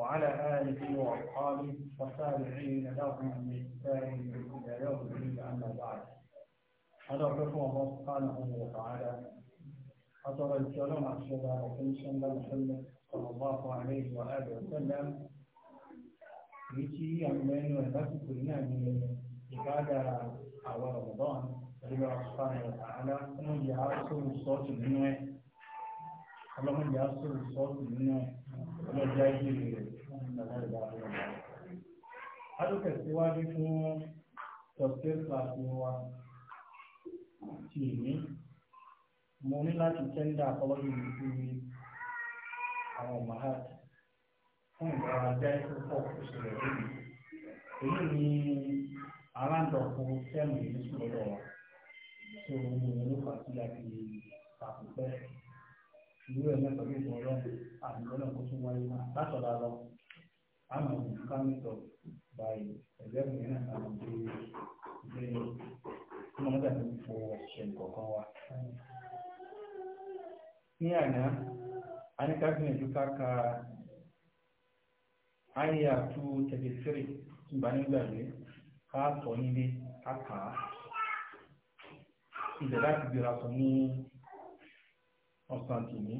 وعلى آله وأصحابه والتابعين لهم بإحسان إلى يوم الدين أما بعد أدعوكم الله سبحانه وتعالى حضر الكلام على الشباب وكنشن محمد صلى الله عليه وآله وسلم يجي يمين والناس كلنا من إبادة على رمضان لله سبحانه وتعالى أنه يعرف الصوت منه اللهم يعرف الصوت منه ولا a ló tẹ̀síwájú fún subscribe class ní wa ti ní mo ní láti tẹ́ndà apology mi fún mi àwọn mahat fún ìgbàlá jẹ́ púpọ̀ ìṣẹ̀lẹ̀ lónìí èyí ni aláǹdọ̀kọ tẹ́mù yìí sùn lọ́wọ́ tó ní ìlú pàtìlá ti pàpùpẹ́ ìlú ẹ̀ mẹ́ta ló gbọ́ ọlọ́run àti ọlọ́run tó tún wáyé náà látọ̀dá lọ and will be coming up by 11 minutes and the the mọ́tà ní fún ọ̀sẹ̀ kọ̀ọ̀kan wa. ní àná a ní kábínẹ̀tì káka àyà two thirty three ìbánigbàgbé ká sọ nílé ká kà á ilẹ̀ láti gbéra sọ ní ọ̀sán tìmí.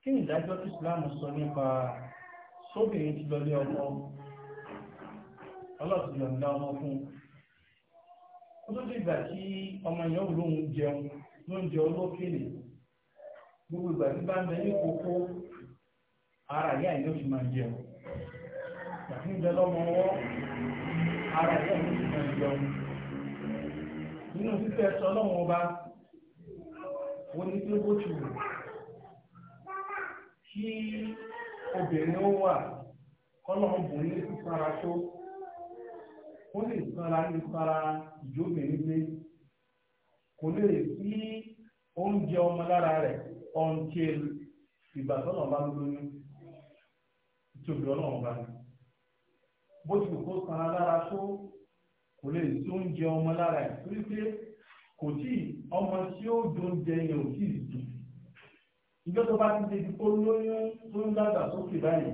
kí ni ìdájọ́ tí Islam sọ nípa sóbìnrin ti lọ lé ọkọ ọlọ́ọ̀tì ńlá ọmọ fún ó tó dìgbà tí ọmọ yẹn ò lóun jẹun ló olókèlè gbogbo ìgbà tí bá ń bẹ ní kókó ara ìyá yìí máa jẹun gbàtí ń bẹ lọ́mọ ọwọ́ ara ìyá yìí máa jẹun nínú fífẹ́ sọ lọ́wọ́ ọba wọ́n ní pé bó ti wù kí obìnrin ó wà kọ́lọ́mùbùnrin ní sísanra tó ó lè sanra ní sanra ìjóbìnrin gbé kò lè sí oúnjẹ ọmọ lára rẹ̀ until ìgbà tọ́lọ̀ bá ń lóyún ìtòbí ọlọ́run bá ní bó ti kó sanra lára tó kò lè sí oúnjẹ ọmọ lára ẹ̀ pé kò tí ọmọ tí ó dóúnjẹ yẹn ò tí ì dùn ìjọ tó bá ti ṣe ti kó lóyún tó ń dàgbà sókè báyìí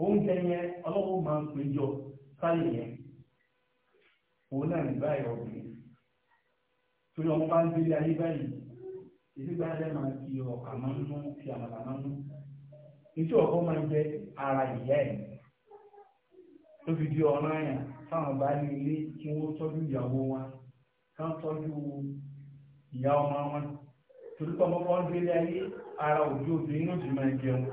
oúnjẹ yẹn ọlọ́wọ́ máa ń pè jọ sáyè yẹn òun náà ní báyìí ọ̀gbìn torí ọmọ bá ń gbélé ayé báyìí ìdígbà rẹ̀ máa fi ọ̀kà máa ń nú fi àmàlà máa ń nú ìjọ ọ̀kọ́ máa ń jẹ ara ìyá ẹ̀ tó fi di ọ̀ràn àyàn fáwọn baálé ilé kí wọ́n tọ́jú ìyàwó wọn ká tọ́jú ìyá ọmọ wọn torí pé ọmọ kan gbélé ayé ara òbí obìnrin ló ti máa jẹun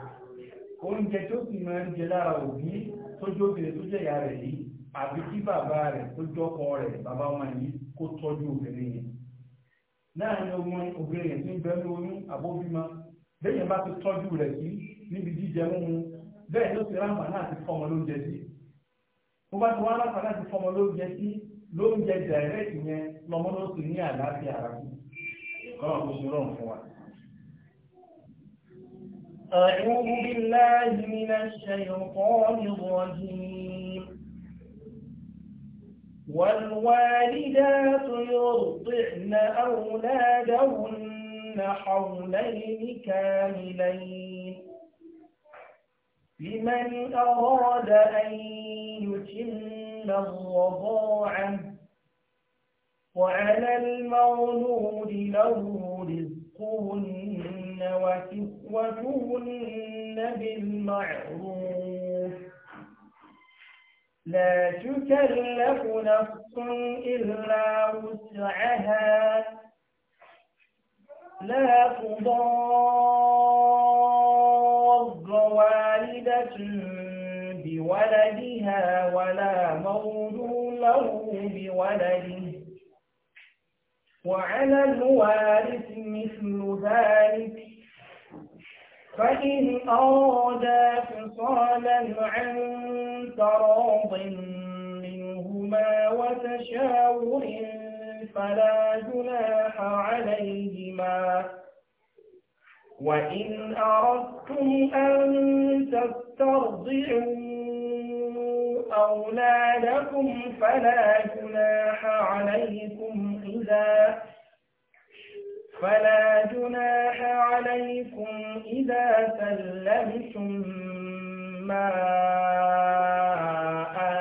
oúnjẹ tó sì máa ń jẹ lára òbí tó jẹ́ obìnrin tó jẹ́ ìyá rẹ̀ yìí àbí kí bàbá rẹ̀ tó jẹ́ ọkọ rẹ̀ bàbá ọmọ yìí kó tọ́jú obìnrin yẹn láàrin ọmọ obìnrin yẹn tí ń bẹ́ẹ̀ lóyún àbóbímọ bẹ́ẹ̀ yẹn bá ti tọ́jú rẹ̀ sí níbi jíjẹ mímu bẹ́ẹ̀ ló ti ráǹfà náà ti fọmọ lóúnjẹ sí mo bá ti wá ráǹfà náà ti fọmọ lóúnjẹ sí lóúnjẹ dàrẹ́ẹ̀tì yẹn lọmọ kọ́nà kó ṣe أعوذ بالله من الشيطان الرجيم والوالدات يرضعن أولادهن حولين كاملين لمن أراد أن يتم الرضاعه وعلى المولود له رزقهن وكسوتهن بالمعروف لا تكلف نفس إلا وسعها لا تضار والدة بولدها ولا مولود له بولده وعلى الوارث مثل ذلك فإن أرادا فصالا عن تراض منهما وتشاور فلا جناح عليهما وإن أردتم أن تسترضعوا أولادكم فلا جناح عليكم هدى فلا جناح عليكم إذا سلمتم ما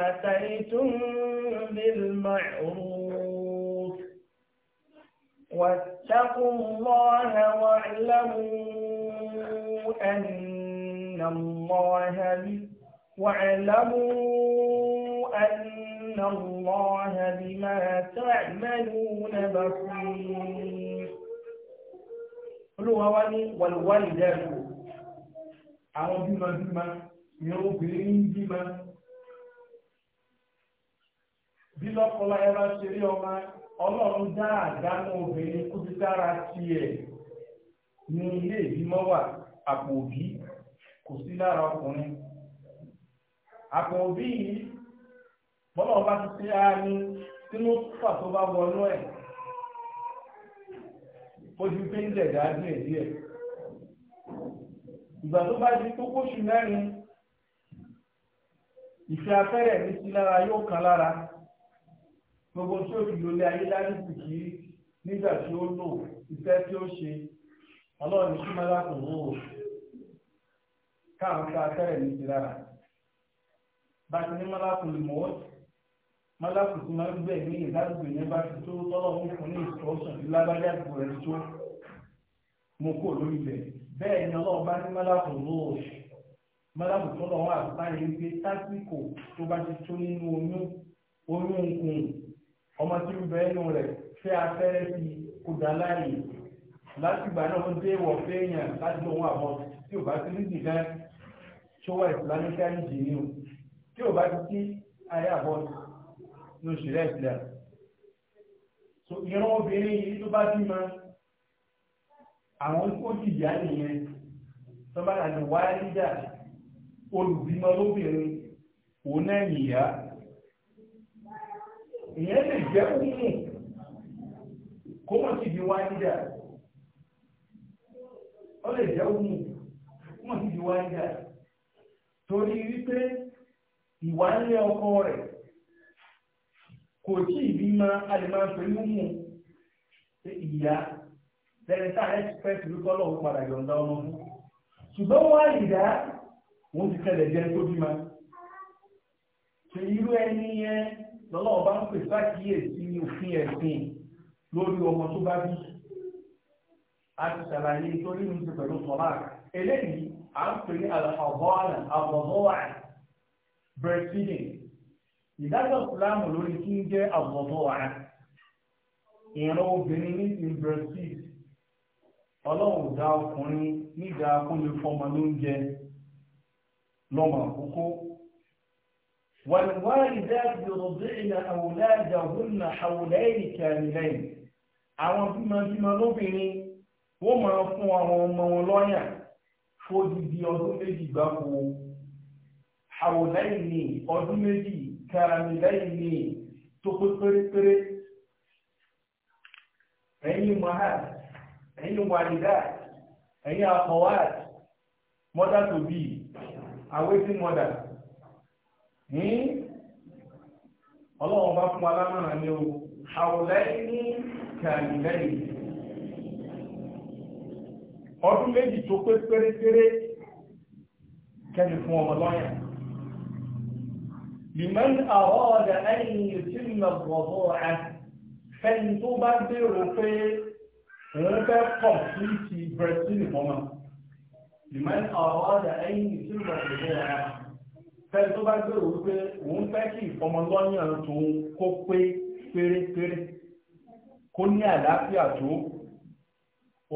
آتيتم بالمعروف واتقوا الله واعلموا أن الله بكم واعلموا أن الله بما تعملون بصير olúwa wá ní wàlúwàlì dẹ́rù àwọn bímọbímọ ni obìnrin ń ẹ bá ṣe rí ọmọ ọlọ́run dá àdánù obìnrin kó ti dára tiẹ̀ ní ilé ìbímọ wà àpò òbí kò sí lára ọkùnrin àkànbí yìí bọ́lá ọba ti ṣe àánú sínú fà tó bá wọnú ẹ̀ ó ti fi ń lẹ̀ dá díẹ̀ díẹ̀ ìgbà tó bá di tó kóṣù mẹ́rin ìfẹ́ afẹ́rẹ́ mi sí lára yóò kan lára gbogbo tí ó fi lólé ayé lálùkù kí nígbà tí ó lò iṣẹ́ tí ó ṣe ọlọ́run ní kí kò wò káàmù ká afẹ́rẹ́ mi sí lára bá ti ní mọ́láàkù mọ́ mọ́láàkù tí máa ń gbẹ̀ ní ìdádùgbò yẹn bá ti tó tọ́lọ̀ ń fún ní ìtọ́sùn ní lágbájá àdúgbò rẹ̀ tó mú kó lórí bẹ̀ bẹ́ẹ̀ ni ọlọ́run bá ní mọ́láàkù lóòṣù mọ́láàkù tó lọ́wọ́ àbáyé wípé tásìkò tó bá ti tó nínú oyún oyún nkùn ọmọ tí ń bẹ ẹnu rẹ̀ fẹ́ afẹ́rẹ́ sí kó dá láàyè láti gbà náà ó dé wọ̀ fẹ́ẹ̀yàn láti lọ́wọ́ àbọ̀ tí ò bá ti ní tí ò bá ti sí ayé àbọ̀dù ní oṣù rẹ̀ ìsìlẹ̀ so ìran obìnrin yìí tó bá ti mọ àwọn ó ti yá nìyẹn tó bá dàbí wáyé níjà olùbímọ lóbìnrin òun náà nìyá ìyẹn lè jẹ́ òmù kó wọ́n ti di wáyé níjà ó lè jẹ́ òmù kó wọ́n ti di wáyé níjà torí wípé ìwà nílé ọkọ rẹ̀ kò tí ìbí máa alìmáà pẹ̀lú mú ìyá lẹ́yìn tá ẹ̀ ti fẹ́ẹ́ tìlú kọ́lọ̀ ó padà yọ̀ǹda ọmọ fún ṣùgbọ́n wá ìdá wọ́n ti tẹ̀lẹ̀ jẹ́ tó bí ma ṣe irú ẹni yẹn lọ́lọ́ ọba ń pè sákìyèsí òfin ẹ̀sìn lórí ọmọ tó bá bí a ti ṣàlàyé torí mi ti pẹ̀lú sọ́lá eléyìí à ń pè ní àlàfàbọ́ọ̀là àbọ̀bọ́ọ̀là breastfeeding ìdájọ́ ìsìláàmù lórí kí ń jẹ́ àbọ̀bọ̀ wa ìran obìnrin ní ti breastfeed ọlọ́run dá ọkùnrin nígbà kúnlẹ̀ fọmọ lóúnjẹ lọ́mọ àkókò wàlúwàlúdàá yurdi'na awladahunna hawlayni kamilayn àwọn bímọbímọ lóbìnrin wọ́n máa fún àwọn ọmọ wọn lọ́yàn fódìdí ọdún méjì gbáko àwòlẹ́yìnì ọdún méjì karamilẹ́yìnì tó pé pérépéré ẹ̀yin mahad ẹ̀yin wàlídà ẹ̀yin akọ̀wàd mọ́dà tó bí àwẹ́sí mọ́dà ọlọ́run bá fún alámọ̀nà ní o àwòlẹ́yìnì ọdún méjì tó pérépéré لمن أراد أن يتم الرضاعة فإن تبادر في هذا في برسين هما لمن أراد أن يتم الرضاعة fẹ́ni tó bá gbèrò wípé òun fẹ́ kí ìfọmọlọ́yàn tòun kó pé pérépéré kó ní àlàáfíà tó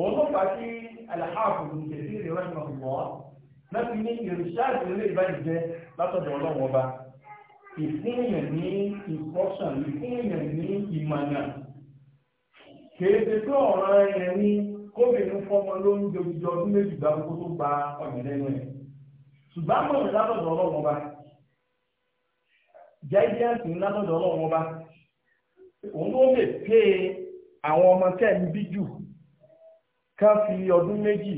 òun ló fà sí àlàáfù ìjẹ̀sí ìrẹ́wẹ̀mọ̀ lọ́wọ́ láti ní ìrìṣà ìrẹ́lẹ̀ ìbáyìí jẹ́ látọ̀dọ̀ ọlọ́wọ́ ọba ìfúnyàn ní ìfọ́sàn ìfúnyàn ní ìmọ̀nà kéde tó ọ̀ràn yẹn ní kóbìnrin fọmọ ló ń jojújọ ọdún méjì gba ọ̀yìn lẹ́nu ẹ̀ ṣùgbọ́n mọ̀ ní látọ̀dọ̀ ọlọ́run ọba jẹ́jẹ́ǹtì ní látọ̀dọ̀ ọba àwọn ọmọ ń fi ọdún méjì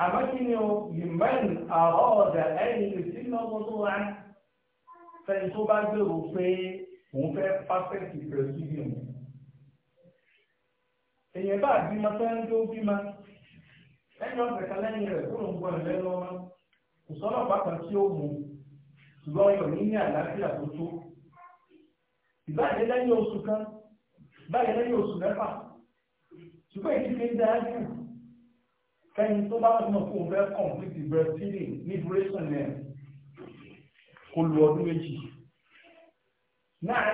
أمكنه لمن أراد أن يتم موضوعا فإنتو بعد رفع وفع perfect precision èyàn bá bímọ sẹ́yìn tó bímọ ẹni ọ̀sẹ̀ kan lẹ́yìn rẹ̀ kó ló ń gbọ́ ẹ̀lẹ́ lọ́wọ́ kò sọ́nà bákan tí ó mú ṣùgbọ́n ọyọ̀ ní ní àlàáfíà tó tó ìbáyìí lẹ́yìn oṣù kan báyìí lẹ́yìn oṣù mẹ́fà ṣùgbọ́n ìdíje ń dáa jù kẹ́yìn tó bá lọ́dún kó fẹ́ complete breastfeeding ní duration yẹn kó lu ọdún méjì náà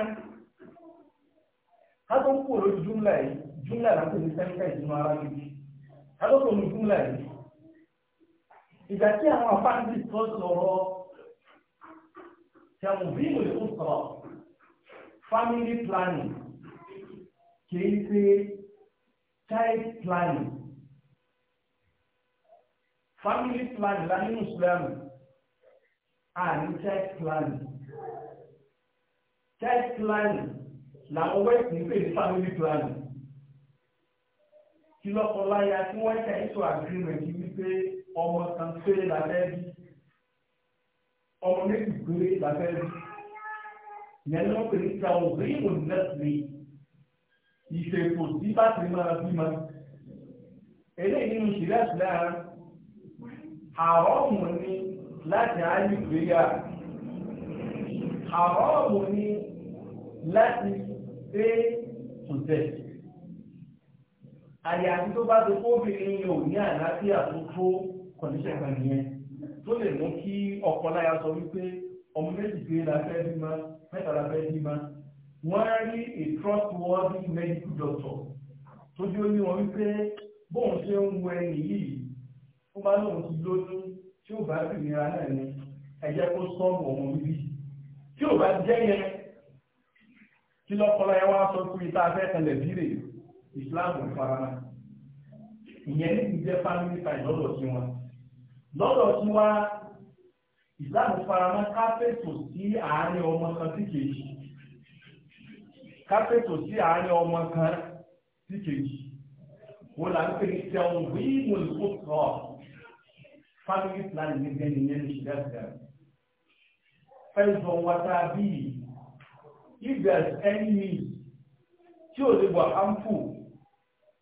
ká tó kú lórí júmlà yìí júmlà láti ní sẹ́ńtẹ̀ ìdúnmọ́ ara méjì ká tó kó lu júmlà yìí ìgbà tí àwọn afáàndì tó sọ̀rọ̀ tẹ̀wọ̀n bí mo lè sọ̀rọ̀ family planning kìí ṣe child planning family plan lánàá ìsìlámù àní church plan church plan làwọn west ń pè ní family plan kí lọ́kọláya tí wọ́n ṣe ètò agreement wípé ọmọ kan péré lábẹ́ bí ọmọ méjì péré lábẹ́ bí ìyẹn ló ń pè ní ìjà òwe ìwòlẹ́sìn ìṣèpò tí bá ti máa bímọ eléyìí nínú ìṣẹ̀lẹ̀ àti láàárín àrọ́mù ni láti ayé ìgbéyà àrọ́mù ni láti dé tòtẹ́ àyàfi tó bá tó kóbìnrin yóò ní àlàáfíà tó tó kọ̀díṣẹ́ kan nìyẹn tó lè mú kí ọkọ láya sọ wípé ọmọ méjì pé la fẹ́ bí ma mẹ́ta la fẹ́ bí ma wọ́n rí a trustworthy medical doctor tó bí ó ní wọn wípé bóun ṣe ń wọ ẹni yìí ó bá lóun ti lóyún tí ó bá rí ìnira náà ni ẹ jẹ́ kó sọ́ọ̀mù ọmọ bíbí tí ó bá jẹ́ yẹn kí lọ́pọ̀lọ́ ẹ wá sọ pé ìta fẹ́ tẹ̀lẹ̀ bírè ìsìláàmù farama ìyẹn ní jẹ́ family time lọ́dọ̀ sí wọn lọ́dọ̀ sí wa ìsìláàmù farama káfẹ́tò sí àárín ọmọ kan sí kejì káfẹ́tò sí àárín ọmọ kan sí kejì wọn là ń pè ní sẹ́wọ̀n wíìmù ìkókò family planning ní bẹ́ẹ̀ nìyẹn ní ṣùgbọ́n ṣùgbọ́n ẹ̀sùn wata bíi if there is any need tí ò lè wà harmful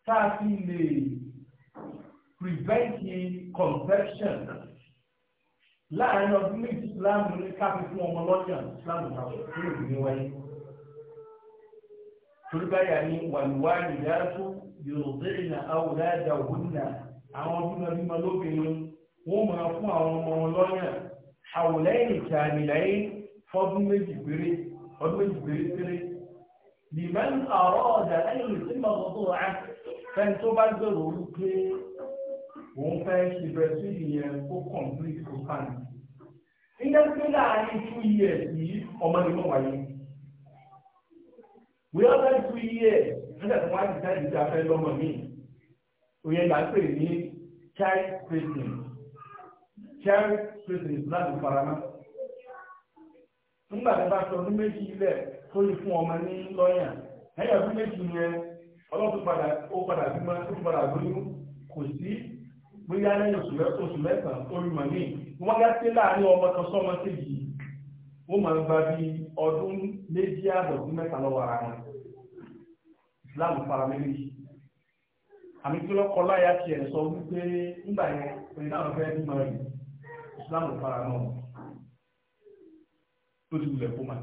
tá fi lè prevent conception láàrin ọdún méjì islam ní káfí fún ọmọ lọ́jọ́ islam tàbí ìlú ní wáyé torí báyà ní wàlúwàlú yàtú yóò dé ìnà àwòrán àdáwò náà àwọn ọdún náà ní ma lóbìnrin wọ́n máa fún àwọn ọmọ wọn lọ́yàn àwòlẹ́yìn ìkàmìlẹ́yìn fọ́dún méjì péré ọdún méjì péré péré lèmẹ́n àrọ́ ọ̀dà lẹ́yìn tí mo sọ tó rà fẹ́ni tó bá gbèrò orí pé òun fẹ́ ṣe bẹ̀rẹ̀ sí ìyẹn kó complete kó kàn ní. nígbà pé láàárín two years yìí ọmọ ni mo wáyé wíwá fẹ́ two years nígbà tí wọ́n á ti dájú sí afẹ́ lọ́mọ mi òye là ń pè ní child spacing cherry prison is láti faramá nígbà tí bá sọ ọdún méjì fụ tó fún ọmọ ní lọ́yà ẹ̀yà ọdún méjì yẹn ọlọ́dún padà ó padà bímọ ó padà lóyún kò sí bóyá lẹ́yìn oṣù mẹ́sàn-án olùmọ̀ ní wọ́n yá sí láàrin gba méjì àbọ̀dún Islam àmì láyà tiẹ̀ sọ wípé àwọn islam ò fara mọ́ tó ti wulẹ̀ kó ma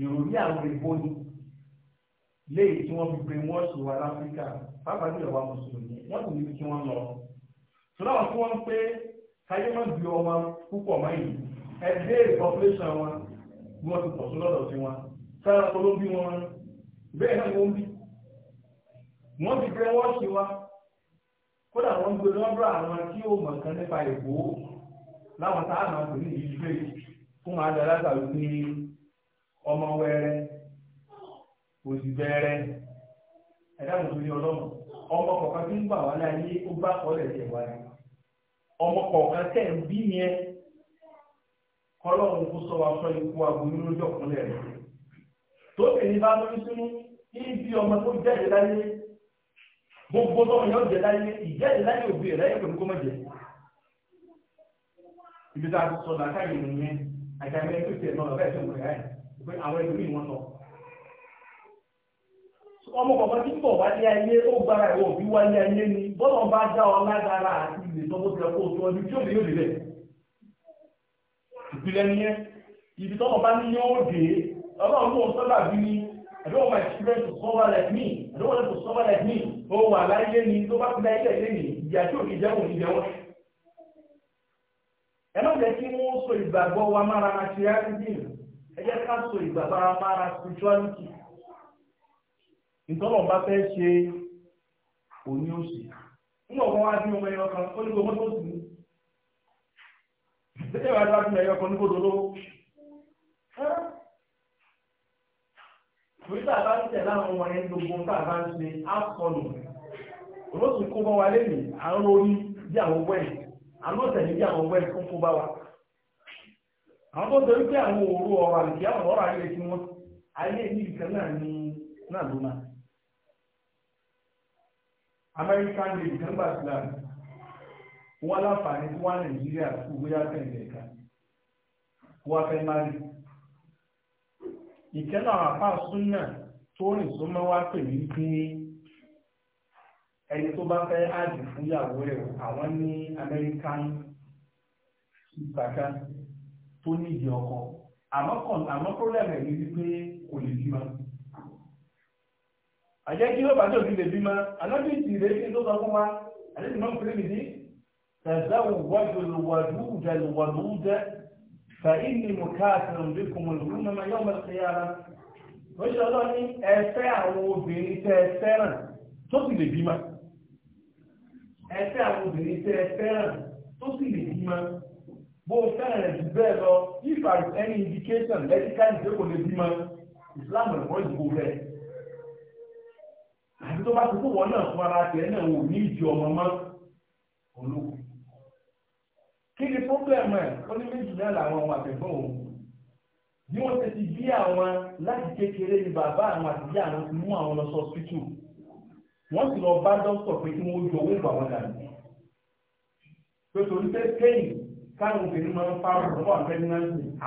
ìròyìn àwọn èèbó ni léyìí tí wọ́n fi pé wọ́n ṣe wà láfíríkà pàápàá jùlọ wa mùsùlùmí wọ́n kò níbi tí wọ́n lọ tọ́lá wọn tí wọ́n ń pé káyé má bí ọmọ púpọ̀ mọ́yìn ẹ béèrè population wọn bí wọ́n ti pọ̀ sí lọ́dọ̀ sí wọn sára tó ló bí wọn bẹ́ẹ̀ náà wọ́n bí wọ́n ti pé wọ́n ṣe wa kódà wọ́n gbé lọ́dọ̀ àwọn tí ó mọ̀ nípa ìgbòho láwọn tá a máa ń pè ní ìlú ìgbé fún àjọ látàrí pé ọmọ wẹrẹ kò sì bẹ̀rẹ̀ ẹ̀dá mọ̀tò ní ọlọ́mọ ọmọ kọ̀ọ̀kan tí ń gbà wá láyé ó bá kọ́lẹ̀ tẹ̀ wá ní ọmọ kọ̀ọ̀kan tẹ̀ ń bí yẹn kọ́lọ́run kó sọ wa sọ ikú aboyún lójú ọ̀kúnlẹ̀ rẹ̀ tó èyí bá lórí sínú ibi ọmọ tó jẹ́rìí láyé gbogbo ọmọ yẹn ó jẹ́ láyé ìjẹ́rìí láyé òbí rẹ̀ láyé pẹ̀lú kó má jẹ́ ibi tá a ti sọ làákàyè nìyẹn àtàwọn ẹni tó tiẹ̀ náà ọ̀bẹ ẹ̀sẹ̀ wọ̀nyá ẹ̀ pé àwọn ẹni mìíràn sọ. ọmọ bàbá tí bọ̀ wá ní ayé ó gbára ẹ̀wọ̀ òbí wá ní ayé ni bọ́lá bá dá ọ lágbára àti ilé tọ́gbó ti ọkọ̀ òtún ọdún tí ó lè yóò lè ìpìlẹ̀ nìyẹn ibi tọ́mọ bá ní yóò dé ọlọ́run tó ń sọ́dà bí ní I don't want my children to suffer like me. I don't want them to suffer like me. Ó wà láyé ni tó bá fi láyé lẹ́yìn ìyá tí ò ẹ má jẹ́ kí wọ́n so ìgbàgbọ́ wa mára materialism ẹ jẹ́ ká so ìgbàgbọ́ wa mára spirituality bá fẹ́ ṣe òní òsì ọmọ ẹyọ kan ó ní gbogbo tó sì ní wàá dá ẹyọ kan ní bá ń ọmọ yẹn gbogbo tá a bá ń ṣe á àwọn ọ̀sẹ̀ níbi àwọn wẹ́ẹ̀ tó kó bá wa àwọn tó torí pé àwọn òru ọ̀rọ̀ àti àwọn ọ̀rọ̀ ayé tí wọ́n ayé ní ìkan náà ní náà American league kan gbà sílá wọn tí wọn Nàìjíríà kú bóyá ẹ̀ka wọn fẹ́ máa rí àpá súnà tó rìn ẹni tó bá fẹ́ àjò fún ìyàwó rẹ̀ àwọn ní American ìgbàkan tó nídìí ọkọ àmọ́ kàn àmọ́ problem ẹ̀ ní wípé kò lè bímọ. àjẹ́ kí ló bá tó fi lè bímọ anábì tì rẹ̀ kí tó sọ fún wa àdéhùn náà kúrẹ́ nìdí tẹ̀sán wájú lùwàdú jẹ lùwàdú jẹ fẹ̀yìnì mùkáàtì òǹdíkùnmù lùmọ̀mọ́ yóò mọ̀ sí ara. ó ṣe ọlọ́ni àwọn obìnrin tẹ́ fẹ́ràn tó sì lè bímọ ẹfẹ́ àwọn obìnrin tẹ́ ẹ fẹ́ràn tó sì lè bímọ bó fẹ́ràn rẹ̀ jù bẹ́ẹ̀ lọ if there is any indication medical ìgbé kò lè bímọ Islam rẹ̀ wọ́n ìdìbò rẹ̀ àti tó bá ti kó wọn náà fún ara tẹ̀ náà wò ní ìdí ọmọ mọ́ olókùn kí ni problem ẹ̀ ó ní méjì náà làwọn ọmọ àtẹ̀gbọ́n òun bí wọ́n ti ti bí àwọn láti kékeré ni bàbá àwọn àti ìyá àwọn ti mú àwọn lọ sọ hospital wọ́n sì lọ bá dọ́kítọ̀ pé kí wọ́n jọ owó wọn dànù pé torí pé káwọn obìnrin máa ń fa ní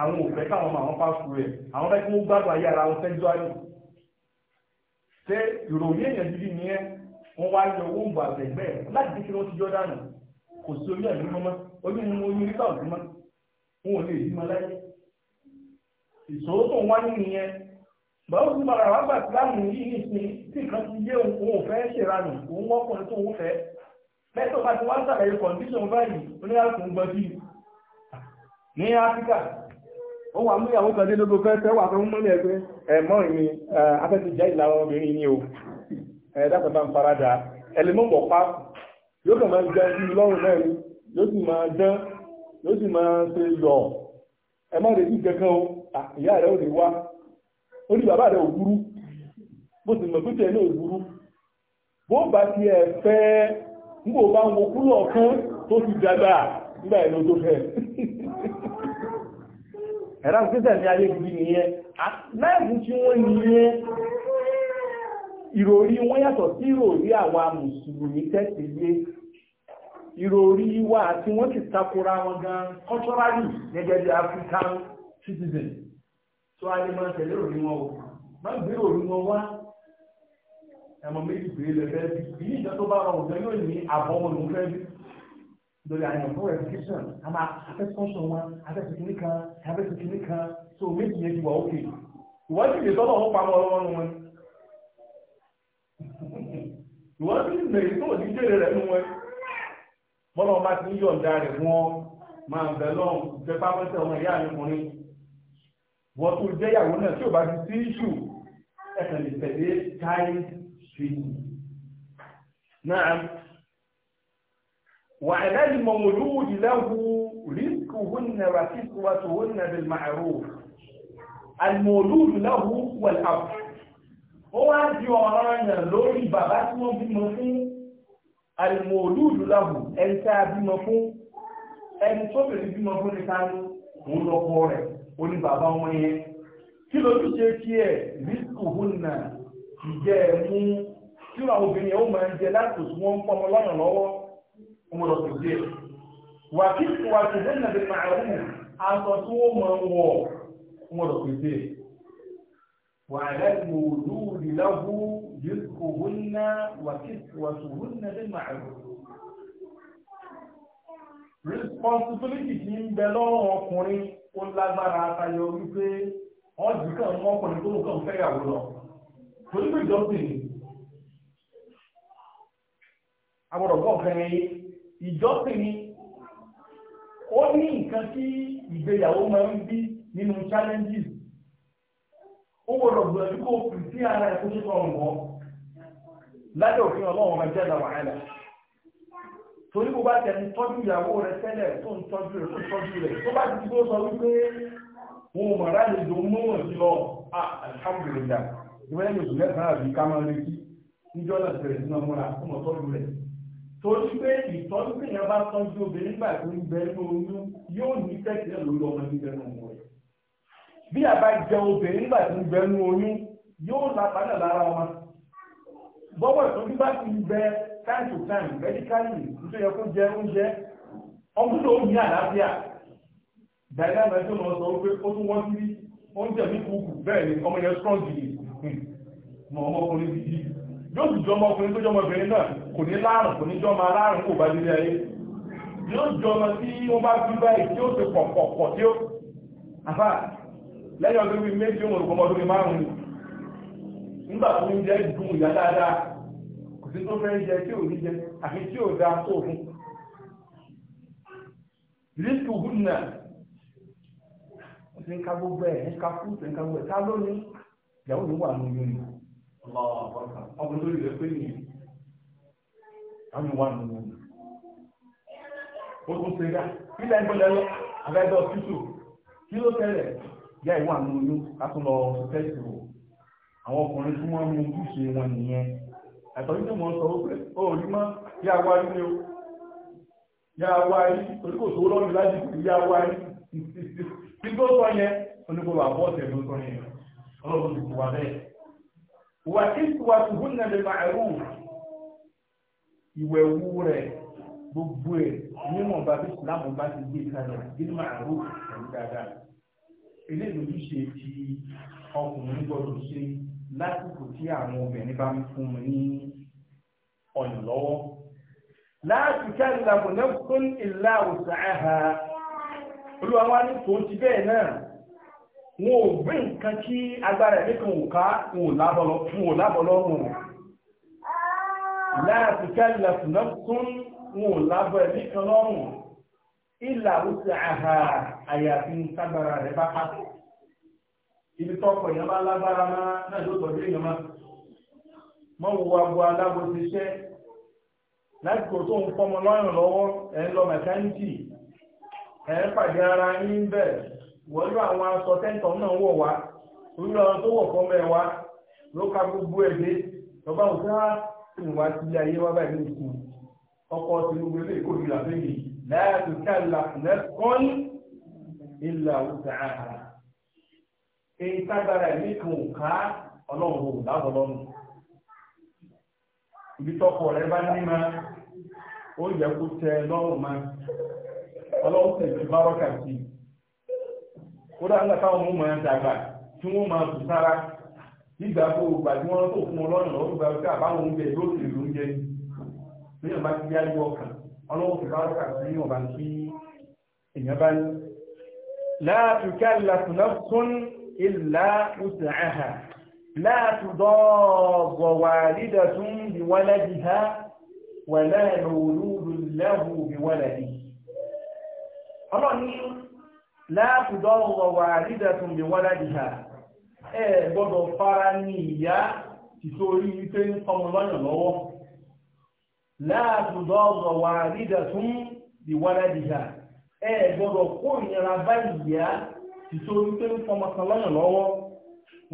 àwọn òfẹ́ káwọn máa ń fa àwọn fẹ́ kí wọ́n ayé ara wọn fẹ́ jọ ayé ṣé ìròyìn èèyàn dídí ni wọ́n wá yọ owó àtẹ̀gbẹ́ láti kí wọ́n ti jọ dànù kò sí orí ẹ̀mí mọ́mọ́ nígbà báwo ni màrà wá gbà síláàmù yìí nìsín tí kan ti yé òun òun fẹ́ ṣèranù òun wọ́pọ̀ tó òun fẹ́ mẹ́tọ́ bá ti wá sàlàyé kọ̀ǹdíṣọ̀n báyìí oníyàtọ̀ ń gbọ́ sí ní áfíríkà ó wà mú ìyàwó kan nínú gbogbo ẹsẹ̀ wà fún mọ́lẹ̀ ẹgbẹ́ ẹ̀mọ́ ìní afẹ́tí jẹ́ ìlànà obìnrin ni o ẹ̀ẹ́dàpẹ̀ta ń farada ẹlẹ́mọ̀pọ̀ pa yóò kàn máa jẹ ìlú lọ́rùn náà ni yóò sì máa dán yóò sì máa ṣe yọ̀ ẹ̀mọ́ rẹ̀ sí kankan o ìyá rẹ̀ ò lè wá orí bàbá rẹ̀ ògúrú bó sì mọ̀ pípẹ́ ní ògúrú bó bá ti ẹ̀ bá ń dàgbà nígbà tó fẹ́ ẹ̀rá ní ayé nìyẹn láìpù tí wọ́n nìyẹn ìròrí wọ́n yàtọ̀ sí ìròrí àwọn amùsùlùmí ìròrí wọ́n ti takora wọn gan tó ayé máa tẹ̀lé òní wọn o má gbé òní wọn wá ẹmọ méjì pé lè fẹ́ bí ìyí ìjọ tó bá rọrùn gan yóò ní àbọ̀ ọmọ lòún fẹ́ bí lórí àyàn fún education a máa afẹ́ sọ́sọ̀ wọn afẹ́ tuntun kan afẹ́ tuntun kan tó méjì yẹn ti wà ókè ìwádìí lè tọ́lọ̀ wọn pamọ́ ọlọ́wọ́ nu wọn ìwádìí lè tó òdíjẹ́ rẹ̀ nu wọn bọ́lá wọn bá ti ń yọ̀ǹda rẹ̀ fún ọ máa bẹ̀ lọ́n fẹ́ pápẹ́sẹ̀ ọmọ ìyá mi wọ́n tó jẹ́ ìyàwó náà tí ò bá ti sí ìṣù ẹ̀sẹ̀ lè tẹ̀lé child swing. náà wà ẹ̀lẹ́dì mọ̀mọ́lú ìlẹ́hu rísíkù hún nà ràkíkù wà tó hún nà bẹ̀rẹ̀ màrú àlùmọ̀lú ìlẹ́hu wà láàbù. ó wá di ọ̀ràn yàn lórí bàbá tí wọ́n bímọ fún àlùmọ̀lú ìlẹ́hu ẹni tá a bímọ fún ẹni tó bèrè bímọ fún ní ká ń lọ́kọ rẹ̀ ó ní bàbá ọmọ yẹn kí lójú ṣe kí ẹ̀ rísùhùnà ìjẹ́ ẹ̀mú tí àwọn obìnrin yẹn ó máa ń jẹ láti oṣù wọn ń pọmọ lọ́nà lọ́wọ́ ọmọdé tó dé wà kí wà kí hùnà bí màálù aṣọ tí wọ́n máa ń wọ̀ ọmọdé tó dé wà lẹ́nu olúùdí láwù rísùhùnà wà kí wà kí hùnà bí màálù responsibility ti ń bẹ lọ́rùn ọkùnrin ó lágbára atayọ wípé ọ̀dù kan wọ́n pọ̀ ní tó nǹkan fẹ́yàwó lọ torí pé ìjọsìn agbọ́dọ̀ gbọ́ ìjọsìn ni ó ní nǹkan tí ìgbéyàwó máa ń bí nínú challenges ó gbọ́dọ̀ gbọ́dọ̀ kó fi ara ẹ̀kọ́ tó sọ̀rọ̀ mọ́ lábẹ́ òfin torí bó bá tẹ̀lé tọ́jú ìyàwó rẹ̀ tẹ́lẹ̀ tó ń tọ́jú rẹ̀ tó tọ́jú rẹ̀ tó bá ti kó sọ wípé wọn mọ̀rá lè dùn mọ́wọ̀n sí lọ ah, alhamdulillah ìwọ́n ní oṣù mẹ́ta àbí ká máa retí níjọ́ náà tẹ̀lẹ̀ sínú ọmọra tó mọ̀ tọ́jú rẹ̀ torí pé ìtọ́jú pé yẹn bá tọ́jú obìnrin nígbà tó ń bẹ ní oyún yóò ní tẹ̀sí lórí ọmọ níbẹ̀ nù wọn bí a bá jẹ obìnrin nígbà tó ń bẹ ní oyún yóò lápá náà lára ọmọ bọ́wọ́ ìtọ́jú bá ti ń bẹ time to time medically nítorí ẹkún jẹ oúnjẹ ọdún tó ní àlàáfíà dàgbà mẹ́tò lọ sọ pé ó tún wọ́n sí oúnjẹ ní kúkú bẹ́ẹ̀ ni ọmọ yẹn strong gidi mọ ọmọkùnrin yóò sì jọ ọmọkùnrin tó ọmọ aláàrùn kò bá ayé ọmọ tí wọ́n bá fi báyìí tí ó ti tí ó àfà lẹ́yìn ọdún méjì ó sí tó fẹ́ jẹ tí ò ní jẹ àfi tí ò dáa tó fún. Lísù húnà ó ti ń ká gbogbo ẹ̀ ń ká fún ń ká gbogbo ẹ̀ ká lónìí ìyàwó mi wà lóyún ni. Ọkùnrin tó lè rẹ pé nìyí. Àwọn ìwà lóyún ni. Ó tún ṣe dá. Ilé ẹgbẹ́ lẹ́lọ́ abẹ́gbẹ́ ọ̀sítù kí ló tẹ̀lé ìyá ìwà lóyún ká tún lọ tẹ̀sí o. Àwọn ọkùnrin tí wọ́n mú ojúṣe wọn nìyẹn àtọ́jú tí wọ́n sọ ó pé ó rí mọ́ yá wá rí ni ó yá wá rí oníkòsó lọ́nà láti yá wá rí bí tó sọ yẹn oníkòwà bọ́ọ̀sẹ̀ ló sọ yẹn ọlọ́run ti wà bẹ́ẹ̀. wà kí wà tó hún nà lè máa rú ìwẹ̀ wú rẹ̀ gbogbo ẹ̀ nímọ̀ bá fi láàmú bá ti gbé kalẹ̀ nínú máa rú pẹ̀lú dáadáa. eléyìí ló ń ṣe ti ọkùnrin gbọdọ̀ ṣe lásìkò tí àwọn obìnrin bá ń fún mi ní ọ̀nà lọ́wọ́. láti kẹ́lá kò ní fún ìlà òsà ẹ̀hà olúwa wá ní tòun ti bẹ́ẹ̀ náà wọn ò gbé nǹkan tí agbára ẹ̀mí kan ò ká wọn ò lábọ̀ lọ́rùn láti kẹ́lá kò ní fún wọn ò lábọ̀ ẹ̀mí kan lọ́rùn ìlà òsà ẹ̀hà àyàfi ń ságbára rẹ̀ bá pàtó ibi tọ́kọ̀ yẹn bá lágbára máa náà ló tọ́jú èèyàn máa mọ́ wo agbo aláwo ti ṣẹ́ láti kò tó ń fọmọ lọ́rùn lọ́wọ́ ẹ̀ ń lọ mẹkáníìkì ẹ̀ ń pàdé ara yín bẹ̀ wọ́n àwọn aṣọ tẹ́ǹtọ̀ náà wọ̀ wá orí ọ̀rọ̀ tó wọ̀ fọmọ ẹ̀ wá ló ka gbogbo ẹ̀ dé lọ́ba òkú á sì wá sí ayé wá báyìí ní ìkú ọkọ̀ tinubu ilé ìkórìíra fẹ́yìn láyà tó ká ìlà ìlẹ́kọ́ọ́lì ìlà òkú àhàrà èyí tágbára ẹ̀mí kan ò ká ọlọ́run ò lọ́nu ibi tọkọ rẹ bá ní ma ó yẹ kó tẹ lọ́rùn ma ọlọ́run sì ti bá wákà sí i kódà ńgbà táwọn ọmọ máa dàgbà tí wọ́n máa tù sára nígbà tó gbà tí wọ́n tó fún lọ́rùn wípé àbáwọn oúnjẹ sì yá ìlà wùsàáhà láàtúndọ́ gbọ̀wàlídà tún bí wálẹ́dì ha wà láàrin olúdù lẹ́hù bí wálẹ́dì ọlọ́ni láàtúndọ́ gbọ̀wàlídà tún bí wálẹ́dì ha ẹ gbọ́dọ̀ fara ní ìyá tìtorí wípé ń fọmọ lọ́yàn lọ́wọ́ láàtúndọ́ tún bí wálẹ́dì ha ẹ gbọ́dọ̀ kó ìnira bá ìyá ìtorí pé ń fọmọ kan lọ́yàn lọ́wọ́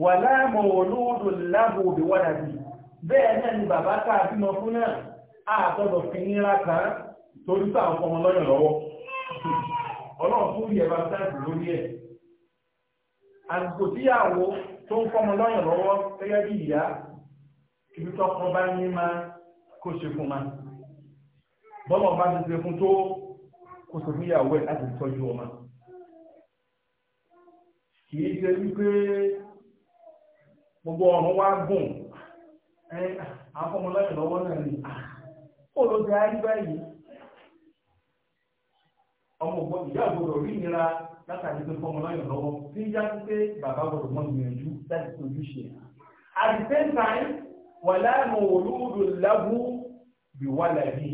wà láàmú olóòdò láàbò òbí wádà bí bẹ́ẹ̀ náà ni bàbá tá a bímọ fún náà àtọ́dọ̀ fi ń ra kan torí pé àwọn fọmọ lọ́yàn lọ́wọ́ ọlọ́run tó rí ẹ̀bá sáàtì lórí ẹ̀ àsìkò tíyàwó tó ń fọmọ lọ́yàn lọ́wọ́ gẹ́gẹ́ bí ìyá ibi tọ́kọ bá ní máa kó ṣe fún ma bọ́lọ̀ bá ti ṣe fún tó kó ṣe fún ìyàwó ẹ̀ láti tọ́jú ọmọ kì í ṣe wípé gbogbo ọ̀run wá gùn ẹ afọmọlẹ́yìn lọ́wọ́ náà ni ah, ó ló ti ayé báyìí ọmọ ògbọ́n ìyá gbọdọ̀ rí ìnira látàrí pé fọmọlẹ́yìn lọ́wọ́ tí yá pé bàbá gbọdọ̀ mọ ìgbìyànjú láti tọ́jú ṣe at the same time wàlá àmọ̀ olóòdò lábú bí wà lábí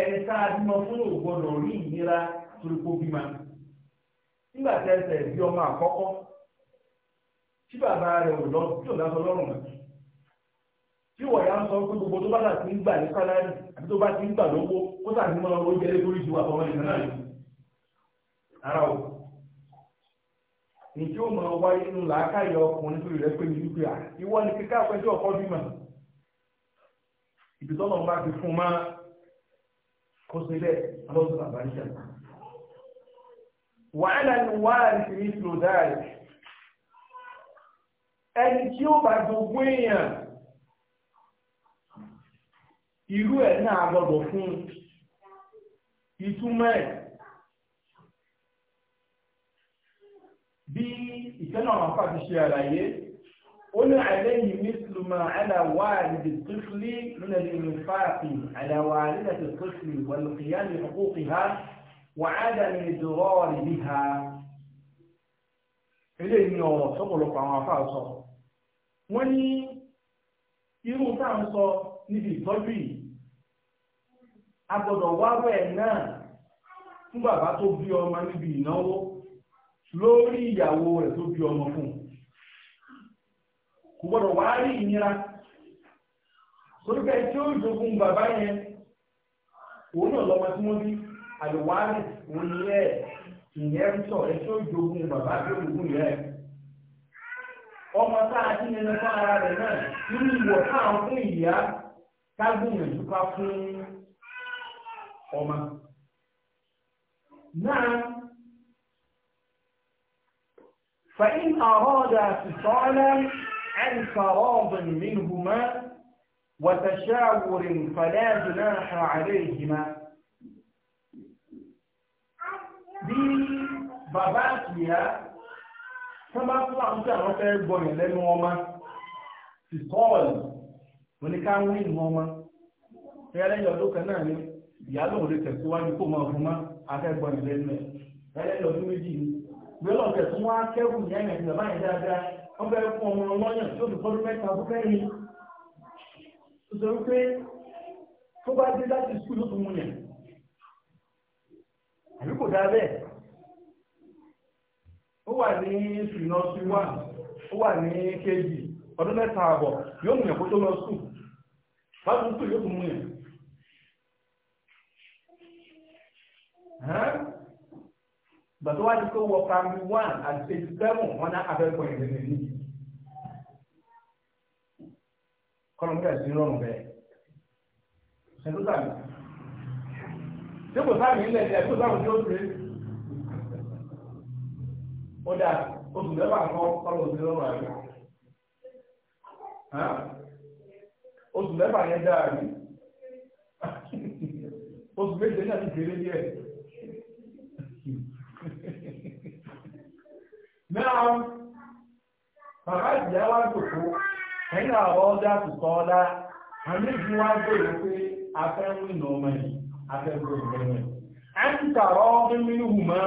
ẹni tá a bímọ fún ògbọ́dọ̀ rí ìnira torí kó bímọ nígbà tí ẹsẹ̀ bí ọmọ àkọ́kọ́ tí bàbá rẹ̀ ò lọ tí ò lásọ lọ́rùn mọ́ tí wọ̀ ya ń sọ pé gbogbo tó bá ti ń gbà ní sálárì àti tó bá ti ń gbà lówó ó sàtì mọ́ owó jẹ́ lórí ju àtọmọ ìlú náà ara o ní tí ó mọ wáyé nínú làákàyè ọkùnrin tó rẹ̀ pé ní wípé à ìwọ ni kíkà pẹ́jọ́ ọkọ bímọ ìbítọ́lọ́ bá ti fún máa kó sílẹ̀ alọ́sọ̀ àbáríṣẹ́ náà wàhálà ni wàhálà ti rí ìlú dáàrí ẹni tí ó bá jogún èèyàn irú ẹ̀ náà gbọ́dọ̀ fún ìtumọ̀ ẹ̀ bí ìtẹ́nà àwọn afáàfi ṣe àlàyé ó ní àlẹ́yìn mùsùlùmá aláwáàrí di tófìlì lónà lè mú fáàfin aláwáàrí láti tófìlì wàlùkìyà ní ọkọ̀ òkè ha وعدم الضرار بها eléyìí ni ọ̀rọ̀ sọ́pọ̀lọpọ̀ àwọn afáà sọ wọ́n ní irú táà ń sọ níbi ìtọ́jú yìí agbọ́dọ̀ wáwẹ̀ náà fún bàbá tó bí ọmọ níbi ìnáwó lórí ìyàwó rẹ̀ bi ọma ọmọ fún kò gbọ́dọ̀ wá àlùwárí òun ni ẹ̀ ìyẹn ń tọ̀ ẹ tó jogun bàbá tó jogun yẹ. ọmọ tá a ti nínú fún ara rẹ̀ náà nínú ìwọ̀ káwọn fún ìyá ká gbìyànjú ká fún ọmọ. náà فإن أرادا فصالا عن فراض منهما وتشاور فلا جناح عليهما bí bàbá àti ìyá wọ́n bá fún àwọn tí àwọn fẹ́ gbọ́yìn lẹ́nu ọmọ ti kọ́ọ̀lù oníkáwí ìmú ọmọ ẹ̀yà ọdún kan náà ni ìyá lòun tẹ̀síwájú kó máa fún lẹ́nu ẹ̀ ọdún méjì ni gbẹ́lọ̀ yẹn yẹn dáadáa wọ́n fẹ́ fún ọmọ ọlọ́yàn mẹ́ta tó bá dé láti tó àbí kò dá bẹ́ẹ̀ ó wà ní ṣùnà sí wà ó wà ní kéjì ọdún mẹ́ta àbọ̀ yóò mú yàn kó tó lọ sùn báwo ń sùn yóò mú yàn wá ní kó wọ one àti page seven wọn ná abẹ́kọ̀ ìrìnlẹ̀ ní kọ́nà rọrùn tí kò sáàmì ilẹ̀ ẹ̀ kò sáàmì tí ó tún ó dà oṣù mẹ́fà kan kọ́lọ̀ sí lọ́rùn àgbà oṣù mẹ́fà yẹn dáa rí oṣù méje náà ti kéré díẹ̀ náà bàbá ìyá wa gbòkó ẹ̀yìn àwọn ọjà tó kọ́ ọ́ àmì ìfún wa gbèrò pé afẹ́ ń rìn ọmọ yìí afẹ́gbọ́n ìgbẹ́nu ẹ̀. àǹtà ọdún nínú hùmọ́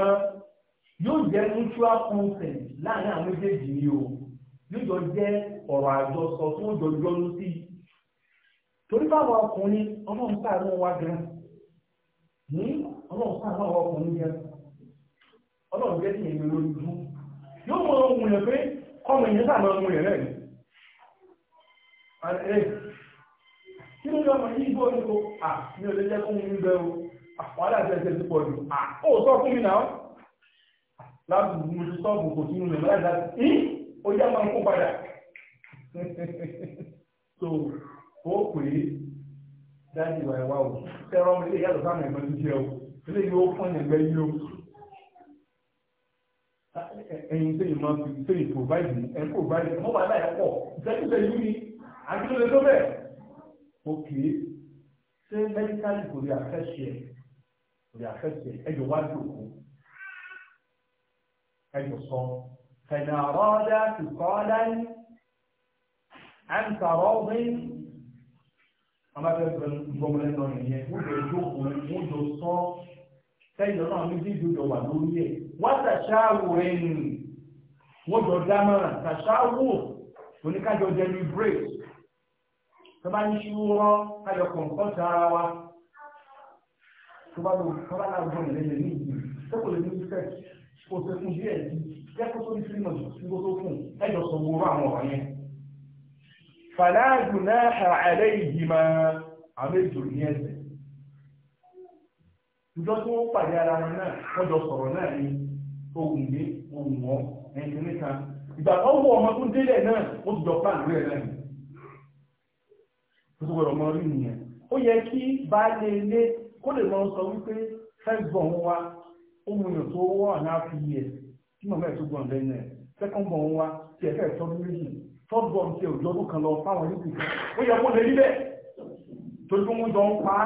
yóò jẹ́ mutual consent láàrin àwọn méjèèjì ni o yóò jọ jẹ́ ọ̀rọ̀ àjọsọ tó jọ yọnu sí i. torí báwọn ọkùnrin ọmọ nǹkan àwọn wa gan ní ọmọ nǹkan àwọn ọkùnrin gan ọlọ́run jẹ́ ìyẹn ló lójú yóò mọ ohun yẹn pé kọ́mọ ìyẹn sáà máa mú yẹn náà ni kí ló lọ́mọ yìí bó ní o à mi ò jẹ́ fún mi bẹ́ àpọ́lá jẹ́ jẹ́ púpọ̀ ní à ó sọ fún mi náà láti mú sí sọ́ọ̀bù kò sínú rẹ̀ mọ́lá láti í ó yá máa ń kó padà so ó pè é dájú ìwà ìwà o tẹ́rọ mi lè yàtọ̀ sáàmì ẹ̀gbọ́n jíjẹ o ilé yìí ó fún ẹ̀gbẹ́ yìí o ẹ̀yin sẹ́yìn máa fi sẹ́yìn provide ẹ̀ provide mọ́wàá láyà pọ̀ ìṣẹ́jú sẹ́yìn ní àti tó lè tó bẹ́ẹ̀ òkè ṣé mẹ́díkàlì kò lè àfẹ́sì ẹ̀ kò lè àfẹ́sì ẹ̀ ẹ̀jọ̀ wá jòkó ẹ̀jọ̀ sọ fẹ̀nà rọ́dá ti kọ́ dání àǹtà rọ́ọ̀bì amábẹ́fẹ́ gbọ́mọlẹ́ náà nìyẹn wọ́n jọ jókòó wọ́n jọ sọ sẹ́yìn náà ní dídú jọ wà lórí ẹ̀ wọ́n tàṣáwò ẹ̀yìn wọ́n jọ dámọ̀ràn tàṣáwò oníkájọ jẹ́ ní braids tó bá ní ṣúwọ́ káyọ̀ kọ̀ǹkọ́ǹtì ara wa tó bá lò tó bá láàrú bọ́ọ̀lù lẹ́yìn ní ìlú tó kò lè ní ìfẹ́ kò tó fún díẹ̀ sí kẹ́kọ̀ọ́ tó ní fílímù tó tó fún ẹjọ́ sọ gbogbo àwọn ọ̀rọ̀ yẹn. fàlàjù náà àlẹ́ yìí máa àmẹ́jọ ní ẹsẹ̀ ìjọ tí wọ́n pàdé ara wọn náà wọ́n sọ̀rọ̀ náà ní ohun ní ohun wọn ẹni nìkan ìgbà tó wọ ọmọ tó délẹ̀ náà wọ́n ti jọ pàǹdù rẹ̀ náà gbọ́dọ̀ mọ rí nìyẹn ó yẹ kí baálé ilé kó lè lọ sọ wípé firstborn wa ó mu yàn tó wọ́ àná fi yẹ tí màmá ẹ̀ tó lẹ́nu ẹ̀ secondborn wa tiẹ̀ fẹ́ tọ́dún méjì thirdborn tiẹ̀ òjò ọdún kan lọ fáwọn yìí kan ó yẹ kó lè rí bẹ́ẹ̀ torí pé wọ́n jọ ń pa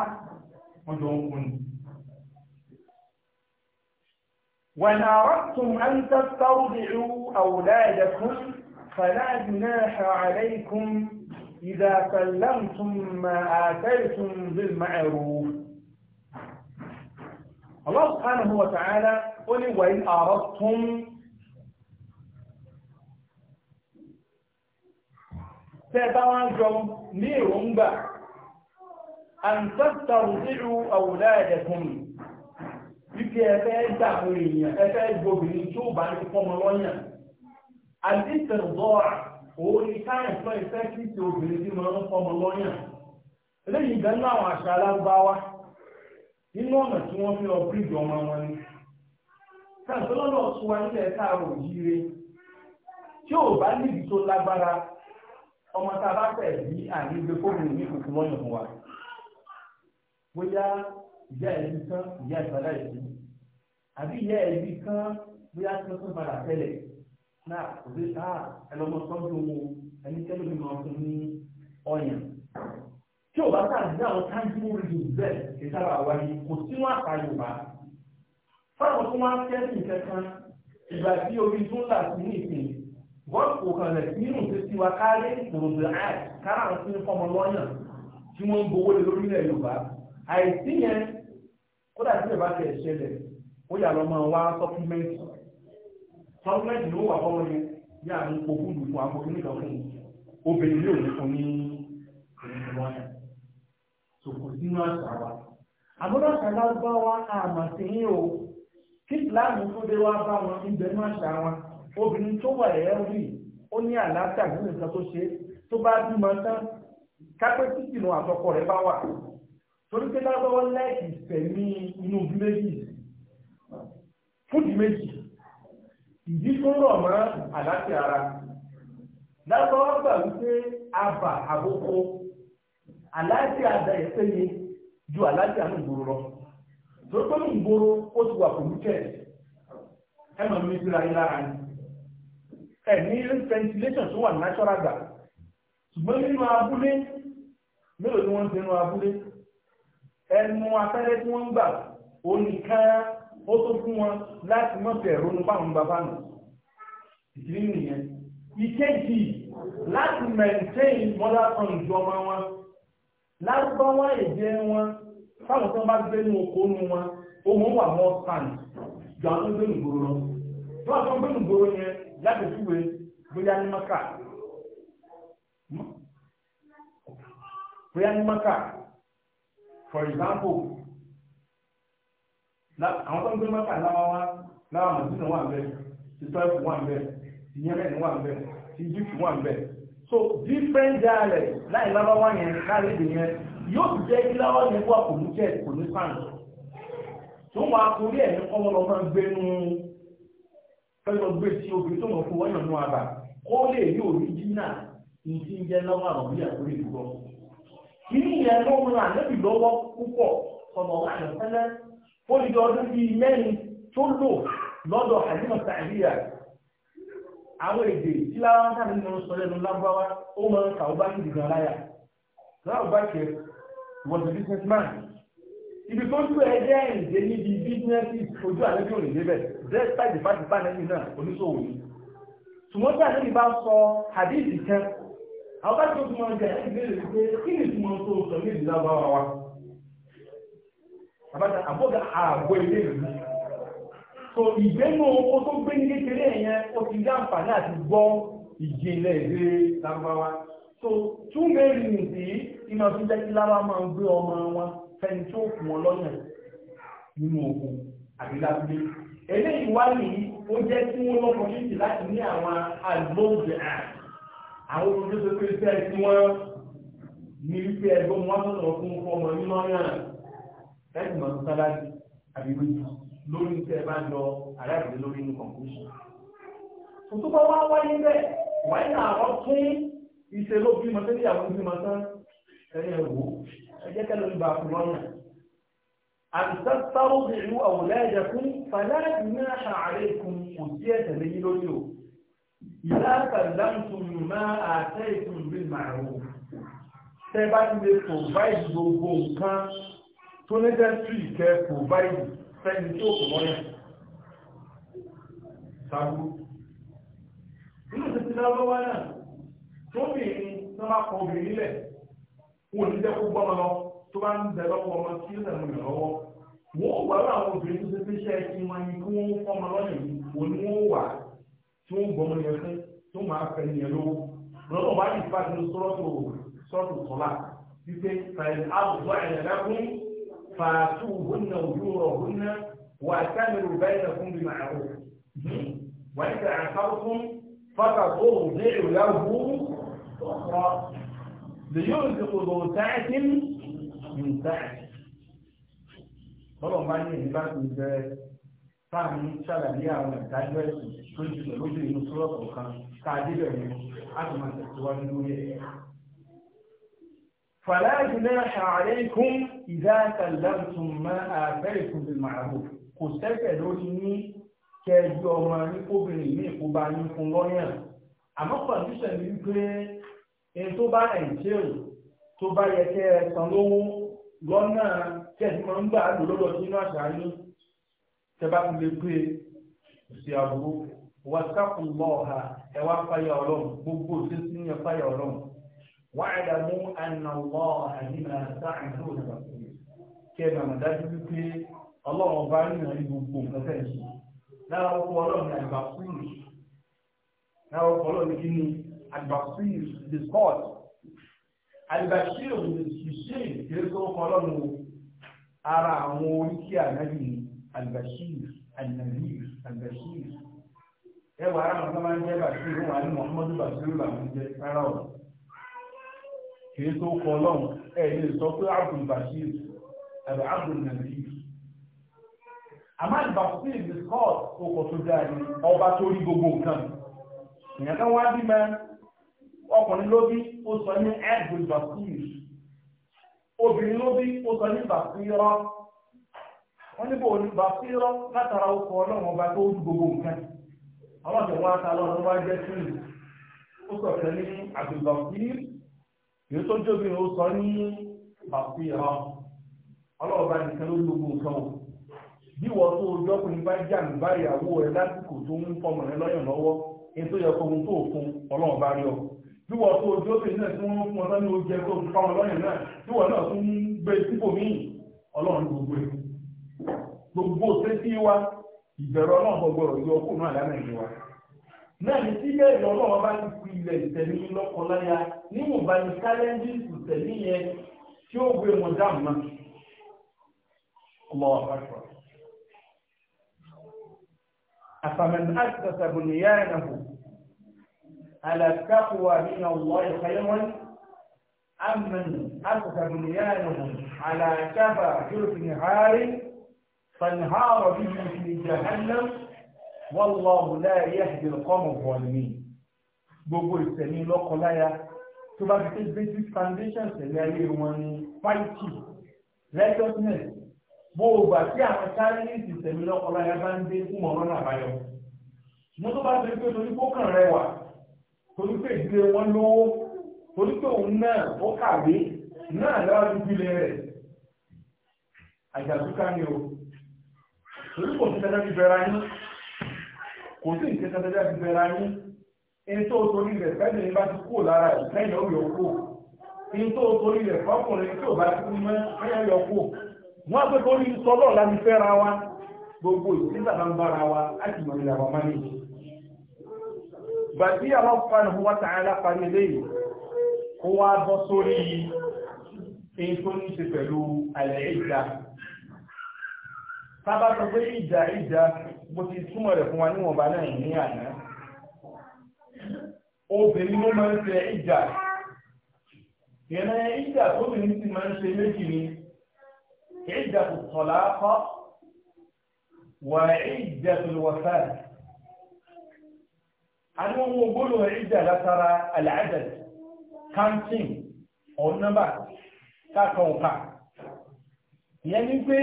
wọ́n jọ ń kún ni. وإن أردتم أن تسترضعوا أولادكم فلا جناح عليكم إذا سلمتم ما آتيتم بالمعروف الله سبحانه وتعالى قل وإن أردتم تتوانجم ليرنبا أن تسترضعوا أولادكم Ibi ẹfẹ́ dàmú èèyàn, ẹfẹ́ gbogbo ní tí ó bá ní fọ́mọ lọ́yàn. Àdísẹ̀rọ̀ òun ni káyọ̀ fún ìfẹ́kìtì obìnrin tí máa ń fọmọ lọ́yàn eléyìí gan náà àwọn àṣà alágbáwá nínú ọ̀nà tí wọ́n fi lọ bíríjì ọmọ wọn ni káàtó lọ́dọ̀ tún wa nílẹ̀ káàró yíire tí ò bá níbi tó lágbára ọmọ tá a bá fẹ̀ bí àrígbé fóònù ní kòkó lọ́yàn fún wa bóyá ìyá ẹbí kan ìyá ìbádá ìlú àbí ìyá ẹbí kan bóyá tí padà tẹ́lẹ̀ náà kò sí sáà ẹlọmọ tọ́jú owó ẹni tẹ́lẹ̀ mi máa fún ní ọyàn tí ò bá sáà ní àwọn táńjú rìndù bẹ́ẹ̀ ìsára wáyé kò sínú àpá yorùbá fáwọn tó wá ń kẹ́sìn kankan ìgbà tí orí tó ń là sí ní ìsìn wọ́n kò kàn lẹ̀ nínú tó ti wá kárí kòròdò àì kára ń fún fọmọ lọ́yàn tí wọ́n ń gbowó lé lórí ilẹ̀ yorùbá àìsí yẹn kódà tí ìbá tẹ̀ ṣẹlẹ̀ ó yà lọ́ máa wá sọ́gbẹ́jì ló wà fọ́wọ́ ni yá àwọn òkúlù fún àwọn oníkan fún obìnrin yóò ní fún ní ìrìnlọ́yà tó kò sínú àṣà wa àbúrò kàlá bá wa àmà sí yín o kí láàmú tó dé wá bá wọn ń bẹnu àṣà wọn obìnrin tó wà ẹ̀ rí ó ní àlàáfíà nínú nǹkan tó ṣe tó bá bímọ tán kápẹ́ títì nù àtọkọ rẹ̀ bá wà torí pé lábọ́wọ́ láì ìfẹ̀mí inú méjì fúdì méjì ìdí tó rọ̀ mọ́ àláfíà ara lábọ́wọ́ gbà wípé abà àbókò àláfíà àdá ẹ̀fẹ́ ni ju àláfíà ní ìgboro lọ tó tó ní ìgboro ó ti wà pẹ̀lú chẹ́ẹ̀ ẹ mọ̀ mi ni ẹ ní ventilation tó wà natural gbà ṣùgbọ́n nínú abúlé mélòó ni wọ́n ń abúlé ẹnu afẹ́rẹ́ tí wọ́n ó tó fún wọn láti mọ́ bẹ̀rù ní báwọn bàbá nù ìdílé nìyẹn ìkéjì láti maintain mother tongue ju ọmọ wọn lárúbáwá èdè wọn fáwọn tó bá gbé ní oko nu wọn ohun wà mọ́ sàn ju àwọn tó gbé nìgboro lọ tó àwọn tó gbé nìgboro yẹn láti fúwe bóyá ní maka bóyá ní maka for example àwọn tó ń gbé mọ́tà láwa wá láwa màdínà wà ń bẹ ti tọ́ẹ̀fù wà ń bẹ ti yẹmẹ́ni wà ń bẹ ti egypt wà ń bẹ so different dialect láì láwa wá yẹn láàrin èdè yẹn yóò ti jẹ́ kí láwa yẹn wà kò ní jẹ́ kò ní sàn tó wàá torí ẹ̀ ní kọ́mọ́ lọ́ máa ń gbé nú fẹ́ẹ́ lọ gbé sí obìnrin tó mọ̀ fún wọ́n yàn nú àbá kó lè rí òríjínà ìdí ń jẹ́ lọ́wọ́ àwọn ìyá tó lè dúró. Kìíní yẹn ló ń ra àlébì lọ́wọ́ púpọ̀ ọmọ wa àyàn ó lè jọ ọdún bíi mẹ́rin tó lò lọ́dọ̀ àdìmọ̀ sàìlíyà àwọn èdè tí láwọn tàbí nínú sọ lẹ́nu lágbáwá ó mọ kàwọ́bá sí ìgbà láyà láwùbá kẹ was a business man ibi tó tú ẹ jẹ́ ìdè níbi business ojú àlejò rè débẹ̀ despite the fact that ẹni náà oníṣòwò ni ṣùgbọ́n tí àlejò bá sọ hadith kan àwọn bá tó túmọ̀ jẹ́ ẹni lè rí pé kí ni túmọ̀ tó sọ ní ìdílágbáwá wa àbáta àbọ́gà ààbò ilé ìlú so ìgbénú oko tó gbé ní kékeré ẹ̀yẹn ó ti dá àǹfààní àti gbọ́ ìjìnlẹ̀ èdè lárúbáwá so tún mẹ́rin nìdí iná tó jẹ́ kí lára máa ń gbé ọmọ wọn fẹni tó fún wọn lọ́yàn nínú oko àbí lábúlé eléyìí wá nìyí ó jẹ́ kí wọ́n lọ́kọ̀ méjì láti ní àwọn àlóòjì àwọn olùdókòwò pé fẹ́ tí wọ́n ní wípé ẹgbẹ́ wọn lọ́kùn fọmọ nínú ọ̀yàn ẹ̀sìn mọ̀ sálárì àbí wíjì lórí tẹ́ ẹ bá lọ aláìsí lórí inú kọ̀ǹkúṣù. tuntun bá wá wáyé bẹ́ẹ̀ wáyé àárọ̀ tún ìṣe ló bí mọ sẹ́ni ìyàwó bí mọ sán ẹ̀yẹ wò ẹ jẹ́ kẹ́lẹ́ olùbà fún lọ́nà. àtúntà sáwọ́ bìrù àwòlẹ́ ẹ̀jẹ̀ fún fàlẹ́ ìnáṣà àlékún kò sí ẹ̀sẹ̀ lẹ́yìn lórí o. ìlà kàlámùtùm máa àtẹ́ ìtùm bí màrún. tẹ́ bá ti lè provide gbogbo nǹkan tó ní dẹ́sí ìkẹ́ kò báyìí fẹ́ni tí ó kò mọ́yà sáàbù nínú títí lọ́wọ́ náà tó bì ní tó máa kọ obìnrin nílẹ̀ wọn ò ní jẹ́ kó gbọ́mọ lọ tó bá ń bẹ lọ́wọ́ ọmọ tí ó sẹ̀rù lọ́wọ́ wọ́n wà lọ àwọn obìnrin tó ṣe fi ṣe ẹtì wọn ni kí wọ́n fọ́mọ lọ́yìn wọn ni wọ́n wà tí wọ́n gbọ́mọ yẹn fún tó máa fẹ́ yẹn lówó lọ́wọ́ wá ní ìfàdínú sọ́rọ́tò sọ́rọ́tò sọ́lá wípé fàyẹ̀ àbùsọ̀ ẹ̀yẹ̀ lẹ́kùn فاعطوهن اجورهن واعتمروا بينكم بمعروف وإن عقرتم فتضرع له أخرى لينفق ذو سعة من سعته bọ́lọ̀ bá ní ìbá tó jẹ́ fáàmì ṣàlàyé àwọn ìdájọ́ ẹ̀sìn tó jùlọ lójú inú sọ́rọ̀ kọ̀ọ̀kan ká débẹ̀ a sì máa tẹ̀síwájú lórí ẹ̀ فلا جناح عليكم إذا سلمتم ما آتيتم بالمعروف kò sẹ́fẹ̀ lórí ní kẹjú ọmọ ní obìnrin ní ìkóbá ní fún lọ́yàn àmọ́ condition ni wípé ẹni tó bá nàìjíríà tó bá yẹ kẹ́ ẹ san lówó lọ́nà kẹ́sì máa ń gbà á lò lọ́dọ̀ sínú àṣà yín tẹ́ bá fi lè pé òsì àbúrò wàtàkùn lọ́ọ̀ha ẹ wá fáyà ọlọ́run gbogbo òṣèṣin yẹn fáyà ọlọ́run واعلموا أن الله بما تعملون بصير كما مدد في الله أبعنا يبقون فتنشي لا أقولون البصير لا أقولون إني البصير discord البشير الشيء يرسل قولون ara àwọn oríkì ànábì albashir alnabir albashir ẹwà ara àwọn ọmọ máa ń jẹ bashir wọn ni muhammadu bashir làwọn jẹ rárá ọ̀rọ̀ kìí tó kọ lọ́n ẹ̀ lè sọ pé Abdul Bashir àbí Abdul Nadir Ahmad Bashir is called okò tó dáa ọba tó rí gbogbo nǹkan ìyẹn kan wá bí ọkùnrin ó sọ ní Abdul Bashir obìnrin ó sọ ní ní bò ní látara okò ọba tó gbogbo nǹkan wọn jẹ́ ó sọ̀tẹ̀ ní yóò tó jóbi ó sọ ní ọlọ́ọ̀bá nìkan ló gbogbo nǹkan o bí wọ́n tó jọ́kùnrin bá jà ní bá ìyàwó ẹ lásìkò tó ń fọmọ rẹ lọ́yàn lọ́wọ́ ní tó yẹ kóhun tó fún ọlọ́ọ̀bá rí ọ bí wọ́n tó náà tí wọ́n fún ọ oúnjẹ e e. wa ìbẹ̀rù náà ní tí bẹ́ẹ̀ lọ́wọ́ wọn bá ti fi ilẹ̀ ìtẹ̀lé lọ́kọláya níwọ̀nba ní kálẹ́ńdì ìtẹ̀lé yẹn tí ó gbé wọn dáhùn náà. الله أكبر أفمن أسس بنيانه على التقوى من الله خيرا أم من أسس بنيانه على كفى جرف نهار فانهار به في جهنم wallahu la yahdi al-qawma adh-dhalimin gbogbo ìsẹ̀mí lọ́kọláya tó bá fi pé basic foundation tẹ̀lé ayé wọn ni fáìtì righteousness gbogbo àti àwọn chinese ìsẹ̀mí lọ́kọláya bá ń dé fún ọ̀rọ̀ náà báyọ̀ mo tó bá fi pé torí kókàn rẹwà torí pé ìdílé wọn lówó torí pé òun náà ó kàwé náà lọ́wọ́ dúdú rẹ̀ àjàdúkà ni o torí kò sí tẹ́lẹ̀ bíbẹ̀rẹ̀ ayé kò sí ìkẹta tẹ́lẹ̀ ti bẹ̀rẹ̀ ayé in tó torí rẹ̀ fẹ́lẹ̀ ní bá ti kú lára ìfẹ́yìn ó kó in tó torí rẹ̀ fọ́kùnrin tí ò bá ti mọ́ yọ kó wọ́n pẹ́ torí sọ́lọ́ láti fẹ́ra gbogbo ìdílé bá ń bára wa mọ̀ kó wá bọ́ sórí tábà sọ pé ìjà ìjà mo ti túmọ̀ rẹ̀ fún wa níwọ̀nba náà ní àná obìnrin ló máa ń ṣe ìjà ìrìnà ìjà tóbìnrin sì máa ń ṣe méjì ni ìjà tó tọ̀lá kọ́ wà ìjà tó lọ sáà àwọn ohun ògbólò ìjà látara àlàájẹ̀ counting or number ìyẹn ni pé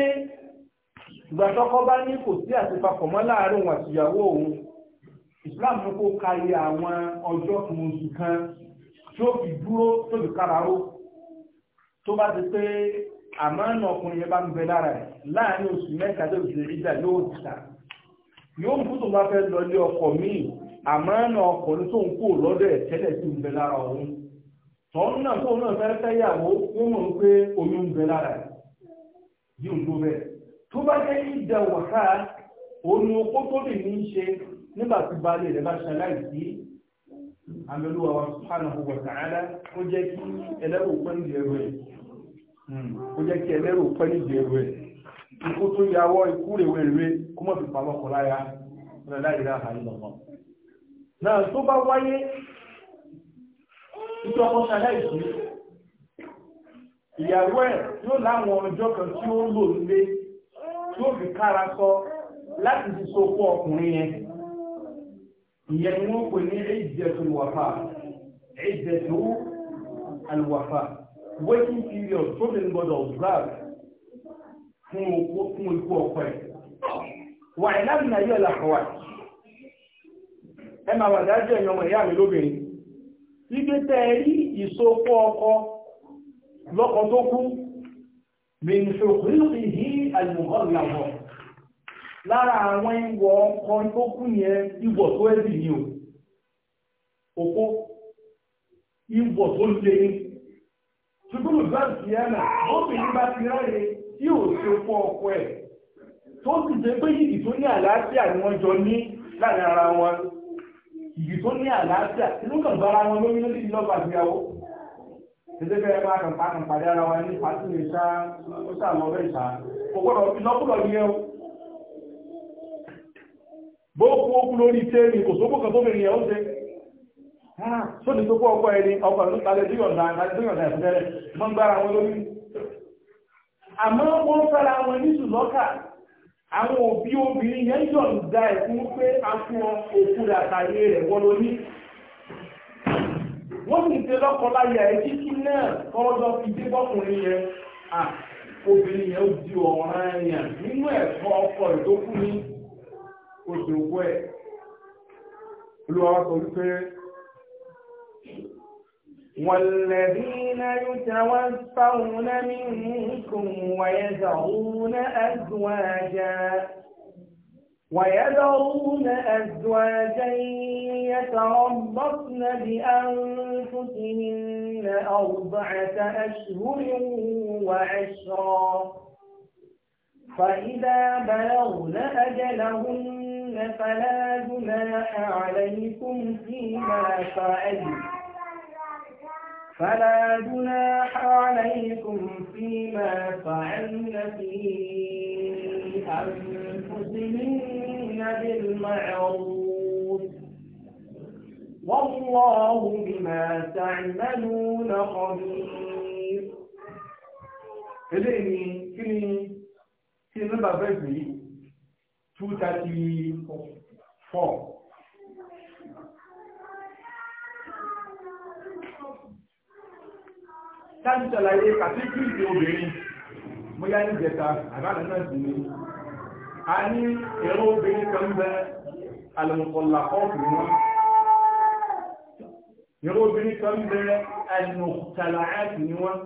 ṣùgbọ́n tọ́kọ bá ní kò sí àtìpapọ̀ mọ́ láàárín òun àtìyàwó òun Islam ní kó kárí àwọn ọjọ́ kan oṣù kan tí ó fi dúró tó fi kára ó tó bá ti pé àmọ́ ẹ̀nà ọkùnrin yẹn bá ń bẹ lára rẹ̀ láàárín oṣù mẹ́ta tó fi ìdá yóò ti ta yóò mú tó bá fẹ́ lọ lé ọkọ míì àmọ́ ẹ̀nà ọkùnrin tó ń kó lọ́dọ̀ ẹ̀ tẹ́lẹ̀ sí ń bẹ lára òun tọ́nù náà tó náà fẹ́ fẹ́ yàwó ó mọ̀ pé oyún ń bẹ lára rẹ̀ yóò dó bẹ́ẹ̀ tó bá jẹ́ ìjà wàhá òun okó tó lè ní í ṣe nígbà tí baálé rẹ̀ bá ṣaláìsí àmẹ́lúwa wa subhanahu wa ta'ala ó jẹ́ kí ẹlẹ́rù pẹ́ ní ìjẹ́rù ẹ̀ hmm, ó jẹ́ kí ẹlẹ́rù pẹ́ ní ìjẹ́rù ẹ̀ ikú tó yàwọ́ ikú rèwé rèé kó mọ̀ fi pamọ́ kọ láyà rẹ̀ láì rà àyè lọ́mọ. náà tó bá wáyé ìjọ ọmọ ṣaláìsí ìyàwó ẹ̀ yóò láwọn ọjọ́ kan tí ó lò nílé yóò fi kára sọ láti fi sopọ̀ ọkùnrin yẹn ìyẹn ni wọ́n pè ní ẹ̀jẹ̀tù wàfà ẹ̀jẹ̀tù àlùwàfà waiting period tó lè gbọdọ̀ observe fún ikú ọkọ ẹ̀ wà ìlànà yóò làkọ̀wà ẹ máa wà dájú ẹ̀yàn ọmọ ìyá mi lóbìnrin ibi tẹ́ rí ìsopọ̀ ọkọ lọ́kọ tó kú min huquqihi al-mughallazah lára àwọn ìwọ̀ ọkọ̀ tó kú yẹn ìwọ̀ tó ẹ̀bì ní o òpó ìwọ̀ tó lè ní ṣùgbọ́n ìgbàtí ẹ̀nà obìnrin bá ti rẹ́rẹ̀ tí ò ṣe fọ́ ọkọ̀ ẹ̀ tó sì jẹ́ pé yìí tó ní àlàáfíà ni wọ́n jọ ní láàrin ara wọn yìí tó ní àlàáfíà tètè bẹ́ẹ̀ bá kàn pa kàn pàdé ara wa ní pàtó lè sá ó sà lọ bẹ́ẹ̀ sá kò gbọ́dọ̀ o bó kú ó kú lórí tẹ́ẹ̀mì kò sókò kan tó bẹ̀rẹ̀ yẹn ó tó ní gbogbo ọkọ̀ ẹni ọkọ̀ ló talẹ̀ díyọ̀nà àdíyọ̀nà ìfẹ́lẹ̀ mọ́ wọ́n sì ṣe lọ́kọláya ẹ̀ kíkí náà kọ́lọ́dọ́ fi dé bọ́kùnrin yẹn à obìnrin yẹn ó di ọ̀ràn ẹ̀yàn nínú ẹ̀fọ́ ọkọ ìdókù ní òṣèwọ́ ẹ̀ olúwa sọ wípé والذين يتوفون منكم ويذرون أزواجا ويذرون أزواجا يتربصن بأنفسهن أربعة أشهر وعشرا فإذا بلغن أجلهن فلا جناح عليكم فيما فعلن فلا جناح عليكم فيما فعلن في أنفسهن المحسنين بالمعروف والله بما تعملون خبير eléyìí kí ni kí ni nọ́mbà bẹ́ẹ̀ yìí two thirty four táyì ṣàlàyé kàtíkì ìdí obìnrin mo yá ní ìjẹta àbálẹ̀ náà sì ni a ní ẹ̀rọ obìnrin kan bẹ alùpùpọ̀làkọ́ọ̀kù ni wọ́n ẹ̀rọ obìnrin kan bẹ alùpùpọ̀làkọ́ọ̀kù ni wọ́n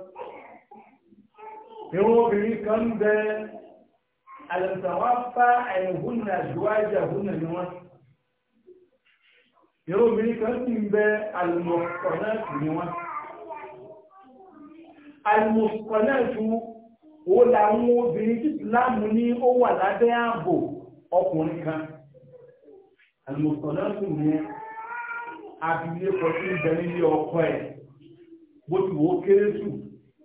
ẹ̀rọ obìnrin kan bẹ alùpùpọ̀làkọ́ọ̀kù ẹ̀húnà àjúwájà húnà ni wọ́n ẹ̀rọ obìnrin kan sì ń bẹ alùpùpọ̀làkọ́ọ̀kù ni wọ́n alùpùpọ̀làkọ́ọ̀kù ó làwọn obìnrin tí ìsìláàmù ní ó wà lábẹ́ ààbò ọkùnrin kan àlùmọ̀sánlọ́sù ní abilékọ tí ń bẹ nílé ọkọ ẹ̀ bó ti wò ó kéré jù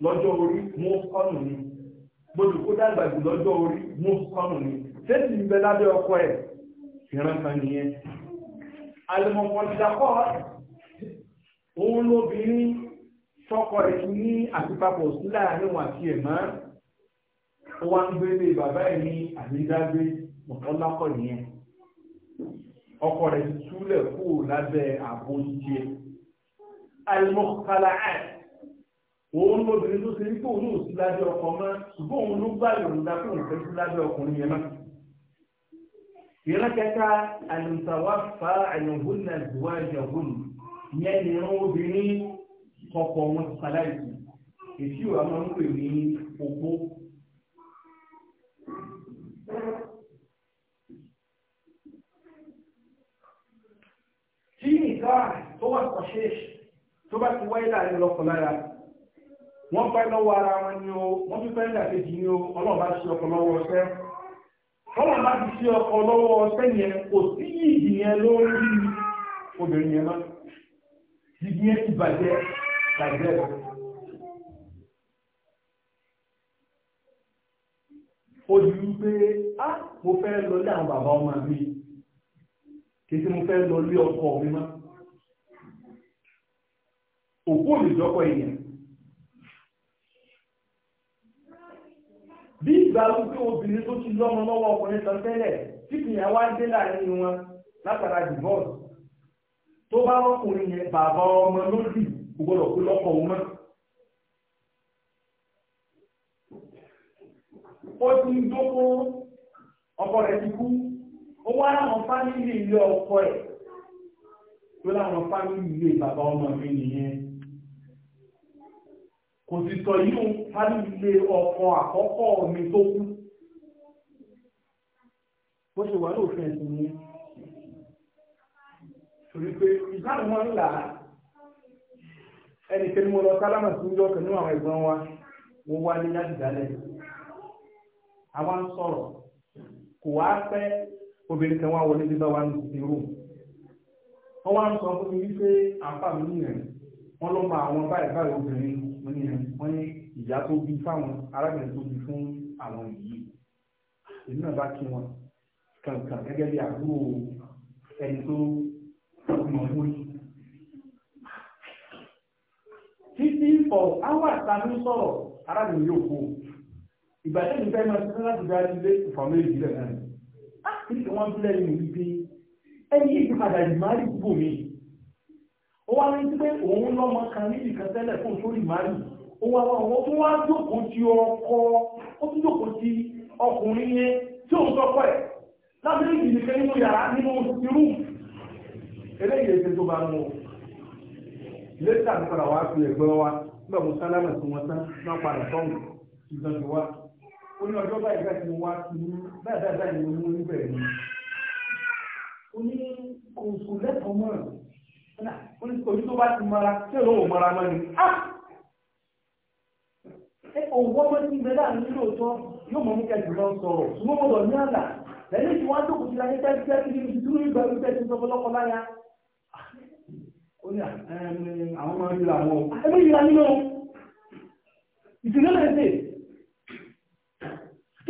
lọ́jọ́ orí mú kọ́nù ni bó ti kó dàgbà jù lọ́jọ́ orí mú kọ́nù ni tẹ́sí ń bẹ lábẹ́ ọkọ ẹ̀ ìran kan nìyẹn àlùmọ̀sánlọ́sù òun lóbìnrin tọkọ rẹ̀ ní àtìpapọ̀ sí láàrin àti ẹ̀ máa ó wá ń gbé lé bàbá ẹ̀ ní àdídágbé mọ̀tọ́lákọ̀ nìyẹn ọkọ rẹ̀ ti túlẹ̀ kú lábẹ́ ààbò jíjẹ alimọ̀kàlà ẹ̀ òun lóbìnrin tó ṣe wípé òun ò sí lábẹ́ ọkọ mọ́ ṣùgbọ́n òun ló gbà yọ̀ǹda pé òun fẹ́ sí lábẹ́ ọkùnrin yẹn náà ìran kẹta àlùmtàwáfà àyànhùnà ìwájàhùn ìyẹn ni ìran obìnrin ọkọ wọn ti sáláìsì èsì ìwà máa ń pè ní opó nìkan tó wà sọ̀ṣẹ́ṣì tó bá ti wáyé láàrin lọ́kọ̀ lára wọ́n pẹ́ lọ́wọ́ ara wọn ni o wọ́n tún fẹ́ dàkejì ni o ọlọ́run bá ṣe ọkọ̀ lọ́wọ́ ọṣẹ́ ọlọ́run bá ti ṣe ọkọ̀ lọ́wọ́ ọṣẹ́ yẹn kò sí yìí yẹn lórí obìnrin yẹn náà yìí yẹn ti bàjẹ́ bàjẹ́ rẹ̀. ó di wípé á ah, mo fẹ́ lọ lé àwọn bàbá ọmọ mi kí tí mo fẹ́ lọ lé ọkọ mi mọ́ òkú olùjọ́kọ̀ èèyàn bí ìgbà wípé obìnrin tó ti lọ́mọ lọ́wọ́ ọkùnrin sọ tẹ́lẹ̀ tí kìyàn wá dé láàrin wọn látara divorce tó bá rọ́kùnrin yẹn bàbá ọmọ lódì kò gbọ́dọ̀ kó lọ́kọ òun mọ́ ó ti ń dókó ọkọ rẹ̀ ti kú ó wá láwọn fámìlì ilé ọkọ ẹ̀ tó láwọn fámìlì ilé bàbá ọmọ mi nìyẹn kò sì sọ yíò fámìlì ilé ọkọ àkọ́kọ́ mi tó kú bó ṣe wà lóòfin ẹ̀sìn ni torí pé ìsáàlù wọn ń là á ẹnì kẹ́ni mo lọ sálámà sí ìjọ kan nínú àwọn ẹ̀gbọ́n wa mo wá ní láti dálẹ̀ àwọn sọ̀rọ̀ kò wá pẹ́ obìnrin kan wá wọlé bí bá wá ní ti rò wọ́n wá ń sọ fún mi wípé àǹfà mi nìyẹn wọ́n ló ma àwọn báyìí báyìí obìnrin mo ní wọ́n ní ìyá tó bí fáwọn arábìnrin tó bí fún àwọn yìí èmi náà bá kí wọn kankan gẹ́gẹ́ bí àbúrò ẹni tó mọ̀ fún yìí. títí fọ àwọn àtàmì sọ̀rọ̀ arábìnrin yóò kó ìgbà tẹ́lifíṣẹ́ máa ti sẹ́ńtà ti dá ilé ìfọ̀mẹ́lì yìí lẹ̀ náà Ah, nígbà wọ́n bí lẹ́yìn òní pé ẹni yìí padà ìmárì gbò mí ó wá ní pé òun lọ́mọ kan níbi kan tẹ́lẹ̀ fún sórí ìmárì ó wá wá wọ́n tó wá jókòó ti ọkọ ó tún jókòó ti ọkùnrin yẹn tí òun sọkọ ẹ̀ lábẹ́ ìdìdìkẹ́ nínú yàrá nínú irú eléyìí ètò tó bá mú lẹ́tà nípa àwọn àti ẹ̀gbọ́n wa nígbà mo sálámà sí wọn tán náà padà sọ́hùn ìgbàgbọ́ wa ó ní ọjọ́ báyìí bẹ́ẹ̀ tí mo wá sí ní bẹ́ẹ̀ bẹ́ẹ̀ bẹ́ẹ̀ ni mo mú níbẹ̀ ni ó ní kòkò lẹ́tọ̀ọ́ mọ́ orí tó bá ti mara tí òun ò mara mọ́ ni òwò ọmọ tí ń bẹ láàrin nílò tọ́ yóò mọ̀ mú kẹjù lọ sọ̀rọ̀ ṣùgbọ́n mo lọ ní àlà lẹ́yìn tí wọ́n jókòó sí ayé tẹ́tí tẹ́tí níbi tí dúró ìgbà wípé tí ń sọ fọlọ́kọ láyà. ó ní àwọn ọmọ ìlú àwọn ẹgbẹ́ ìlú àníyàn ìdílé lẹ́sẹ̀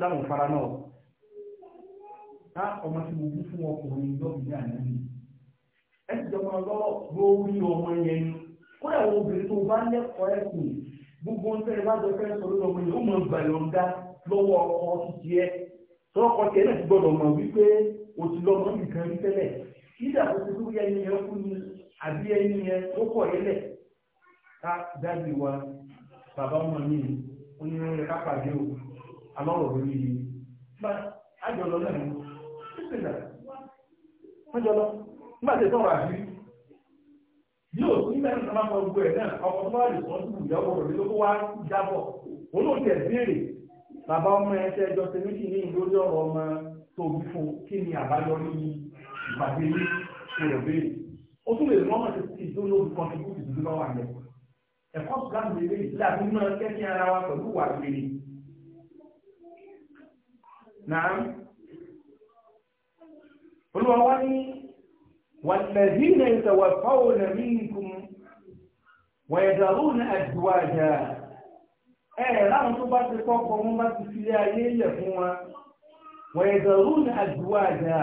láwọn fara náà ká ọmọ tí mo bí fún ọkùnrin lọ́bìnrin ànábì ẹ ti jọmọ lọ́wọ́ lórí ọmọ yẹn ni kódà àwọn obìnrin tó bá lẹ́kọ̀ọ́ ẹ̀sìn gbogbo ń tẹ́lẹ̀ bá jọ fẹ́ sọ lórí ọmọ yẹn ó mọ gbàlọ́ńdá lọ́wọ́ ọkọ̀ títí ẹ tọ́kọ̀ tiẹ̀ náà ti gbọ́dọ̀ mọ̀ wípé o ti lọ́mọ nìkan rí tẹ́lẹ̀ nígbà tó ti lórí ẹni yẹn kú ni àbí ẹni yẹn tó kọ̀ yẹlẹ̀ ká dájú wa bàbá ọmọ mi ò ní rẹ̀ ká àmọ́ wò lórí yìí bá àjọlọ náà ní ìpínlẹ̀ àjọlọ nígbà tí sọ̀rọ̀ àti yóò tún mẹ́rin náà máa gbọ́ ẹ̀ náà ọkọ̀ tó bá lè sọ sí ìyàwó rẹ̀ ló wá jábọ̀ òun ò tẹ̀ béèrè bàbá ọmọ ẹsẹ̀ ẹjọ́ ṣe méjì ní ìlú lórí ọ̀rọ̀ ọmọ tó wí fún kí ni àbáyọrí ìpàdé ní ìrọ̀ béèrè ó tún lè mú ọmọ tó ti tó lóbi kan tó kú ìdúró lọ́wọ́ àlẹ́ ẹ̀kọ́ sùgbà mi lè láti mú ẹ kẹ́kẹ́ ara wa pẹ̀lú wà lórí náà olúwa wá ní والذين يتوفون منكم ويذرون أزواجا ẹ láwọn tó bá ti kọ́kọ́ wọn bá ti fi ayé lẹ̀ fún wa wẹ̀dọ̀rún àdúwàdà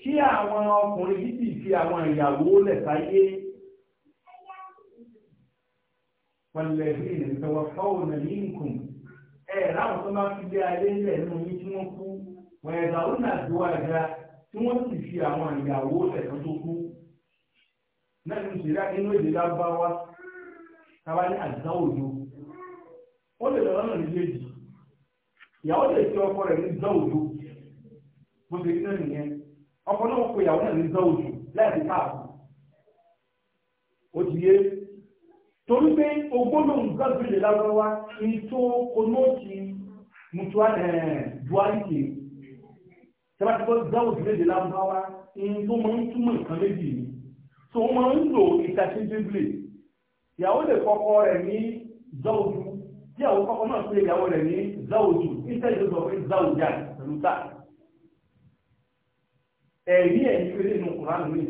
kí àwọn ọkùnrin yìí fi àwọn ìyàwó lẹ̀ sáyé wọ̀lẹ̀bí ìrìnàwó fáwọn nìkùn ẹ láwọn tó máa fi lé ayé ńlẹ̀ nínú yín tí wọ́n kú wọ́n ẹ̀dá ó nà tí wọ́n sì fi àwọn ìyàwó ẹ̀sán tó kú náà ní ìṣẹ̀dá inú èdè lágbáwá táwa ní àdìsá òdo ó lè lọ lọ́nà méjèèjì ìyàwó lè fi ọkọ rẹ̀ ní ṣe ọkọ náà kó ìyàwó náà ní láì fi káàkó torí pé ogbóná nǹkan tó lè lábọ́ wá ní tó onóòtí duality tẹ́látíkọ́ dáwò tó lè lábọ́ wá ní tó máa ń túmọ̀ nǹkan méjì ni tó máa ń lò interchangeably ìyàwó lè kọ́kọ́ rẹ̀ ní záwòjú tí àwọn kọ́kọ́ náà pé ìyàwó rẹ̀ ní záwòjú interchangeable of záwòjá pẹ̀lú tá ẹ̀rí ẹ̀yí pé nínú kùránù ní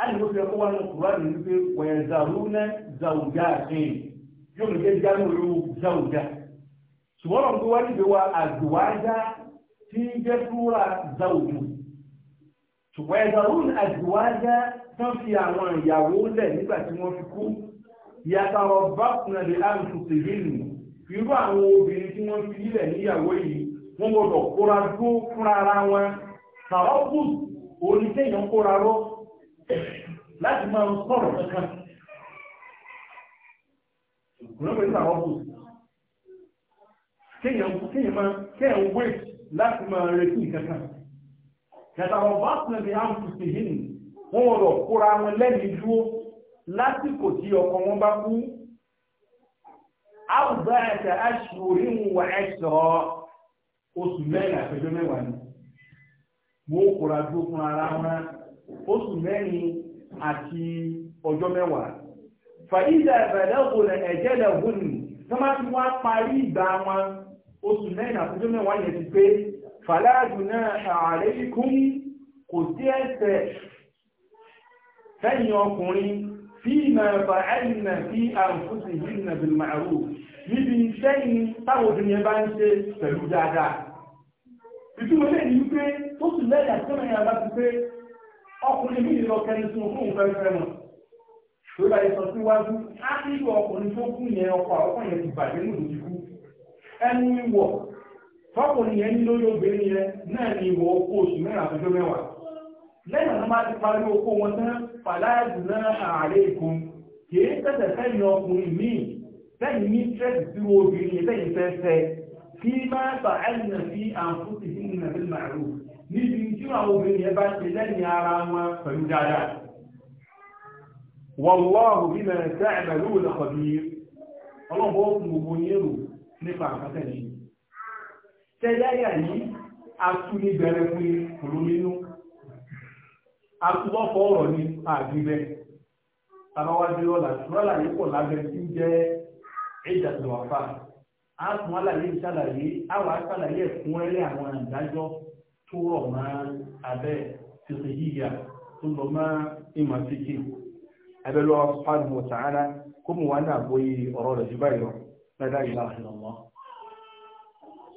alìmọ́bìnrin kọ́ wà ní kùránì wípé wẹ̀ẹ̀zàrúnẹ́ zàùjá àṣín yóò lè jẹ́ jáde olú zàùjá ṣùgbọ́n ọ̀n tó wá níbi wa àdùwájá tí ń jẹ́ túra zàùjù wẹ̀ẹ̀zàrún àdùwájá tán fi àwọn ìyàwó lẹ̀ nígbà tí wọ́n fi kú ìyàtàrọ̀ bákùnrin lè àrùn tòṣè nínú irú àwọn obìnrin tí wọ́n fi ilẹ̀ níyàwó yìí wọ́n gbọ́dọ̀ kóra dúró fúnra ara wọn tàwọn kù òní kóra rọ́ láti máa ń sọ̀rọ̀ kankan ìgbìmọ̀ nípa àwọn bò kéèyàn máa kéèyàn wé láti máa retí kankan kẹta àwọn bá tún ẹni àǹfùsì yìí wọ́n wọ́n lọ kóra wọn lẹ́ni dúró lásìkò tí ọkọ wọn bá kú àwùjọ ẹ̀ka aṣòrí ń wà ẹ̀ṣọ́ oṣù mẹ́rin àpẹjọ mẹ́wàá ni wọ́n kóra dúró fún ara wọn oṣù mẹ́rin àti ọjọ́ mẹ́wàá fàídà ìbẹ̀lẹ́gbọ̀nà ẹ̀jẹ̀lẹ̀ hùn tó má ti wá parí ìgbà wọn oṣù mẹ́rin àti ọjọ́ mẹ́wàá yẹn ti pé fàláàdù náà alaykum kò sí ẹ̀ṣẹ̀ fẹ́yìn ọkùnrin fima fa'alna fi anfusihinna bil ma'ruf níbi sẹ́yìn táwọn obìnrin bá ń ṣe pẹ̀lú dáadáa ìtumọ̀ lẹ́yìn wípé tó sì lẹ́yìn àti ọkùnrin mi lọ kẹni sun fún ìfẹ́fẹ́ mọ̀ lórí ayé sọ síwájú á ní ìwọ ọkùnrin tó kú yẹn ọkọ àwọn yẹn ti bàjẹ́ nù lójú kú ẹnu ìwọ tọkùnrin yẹn ní lórí obìnrin yẹn náà ní ìwọ oko oṣù mẹ́rin àtọjọ́ mẹ́wàá lẹ́yìn àwọn máa ti parí oko wọn tán fàlàyé náà ààrẹ ìkun kìí tẹ̀sẹ̀ fẹ́yìn ọkùnrin míì fẹ́yìn ní tírẹ́sì sí obìnrin yẹn fẹ́yìn fẹ́fẹ́ kí máa bà ẹ̀yìn náà fi àǹfóṣì nínú nàìjíríà níbi tí àwọn obìnrin yẹn bá ṣe lẹ́yìn ara wọn pẹ̀lú dáadáa wallahu bima ta'maluna khabir ọlọ́bọ̀ gbogbo yẹ́rù nípa yìí atúni bẹ̀rẹ̀ fún atúbọ̀fọ̀ ọ̀rọ̀ tàbáwájú ọ̀là pọ̀ lábẹ́ tí ń jẹ́ á tún àlàyé ìṣàlàyé àwọn àṣàlàyé àwọn àdájọ́ tó rọ̀ máa abẹ́ títí yíya tó lọ máa ìmọ̀ síkì abẹ́lọ́ subhanahu wa ta'ala kó mú wa náà bóyí ọ̀rọ̀ rẹ̀ jù báyìí lọ la ilaha illallah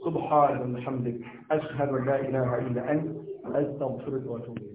subhanaka wa bihamdik ashhadu an la ilaha illa anta astaghfiruka wa atubu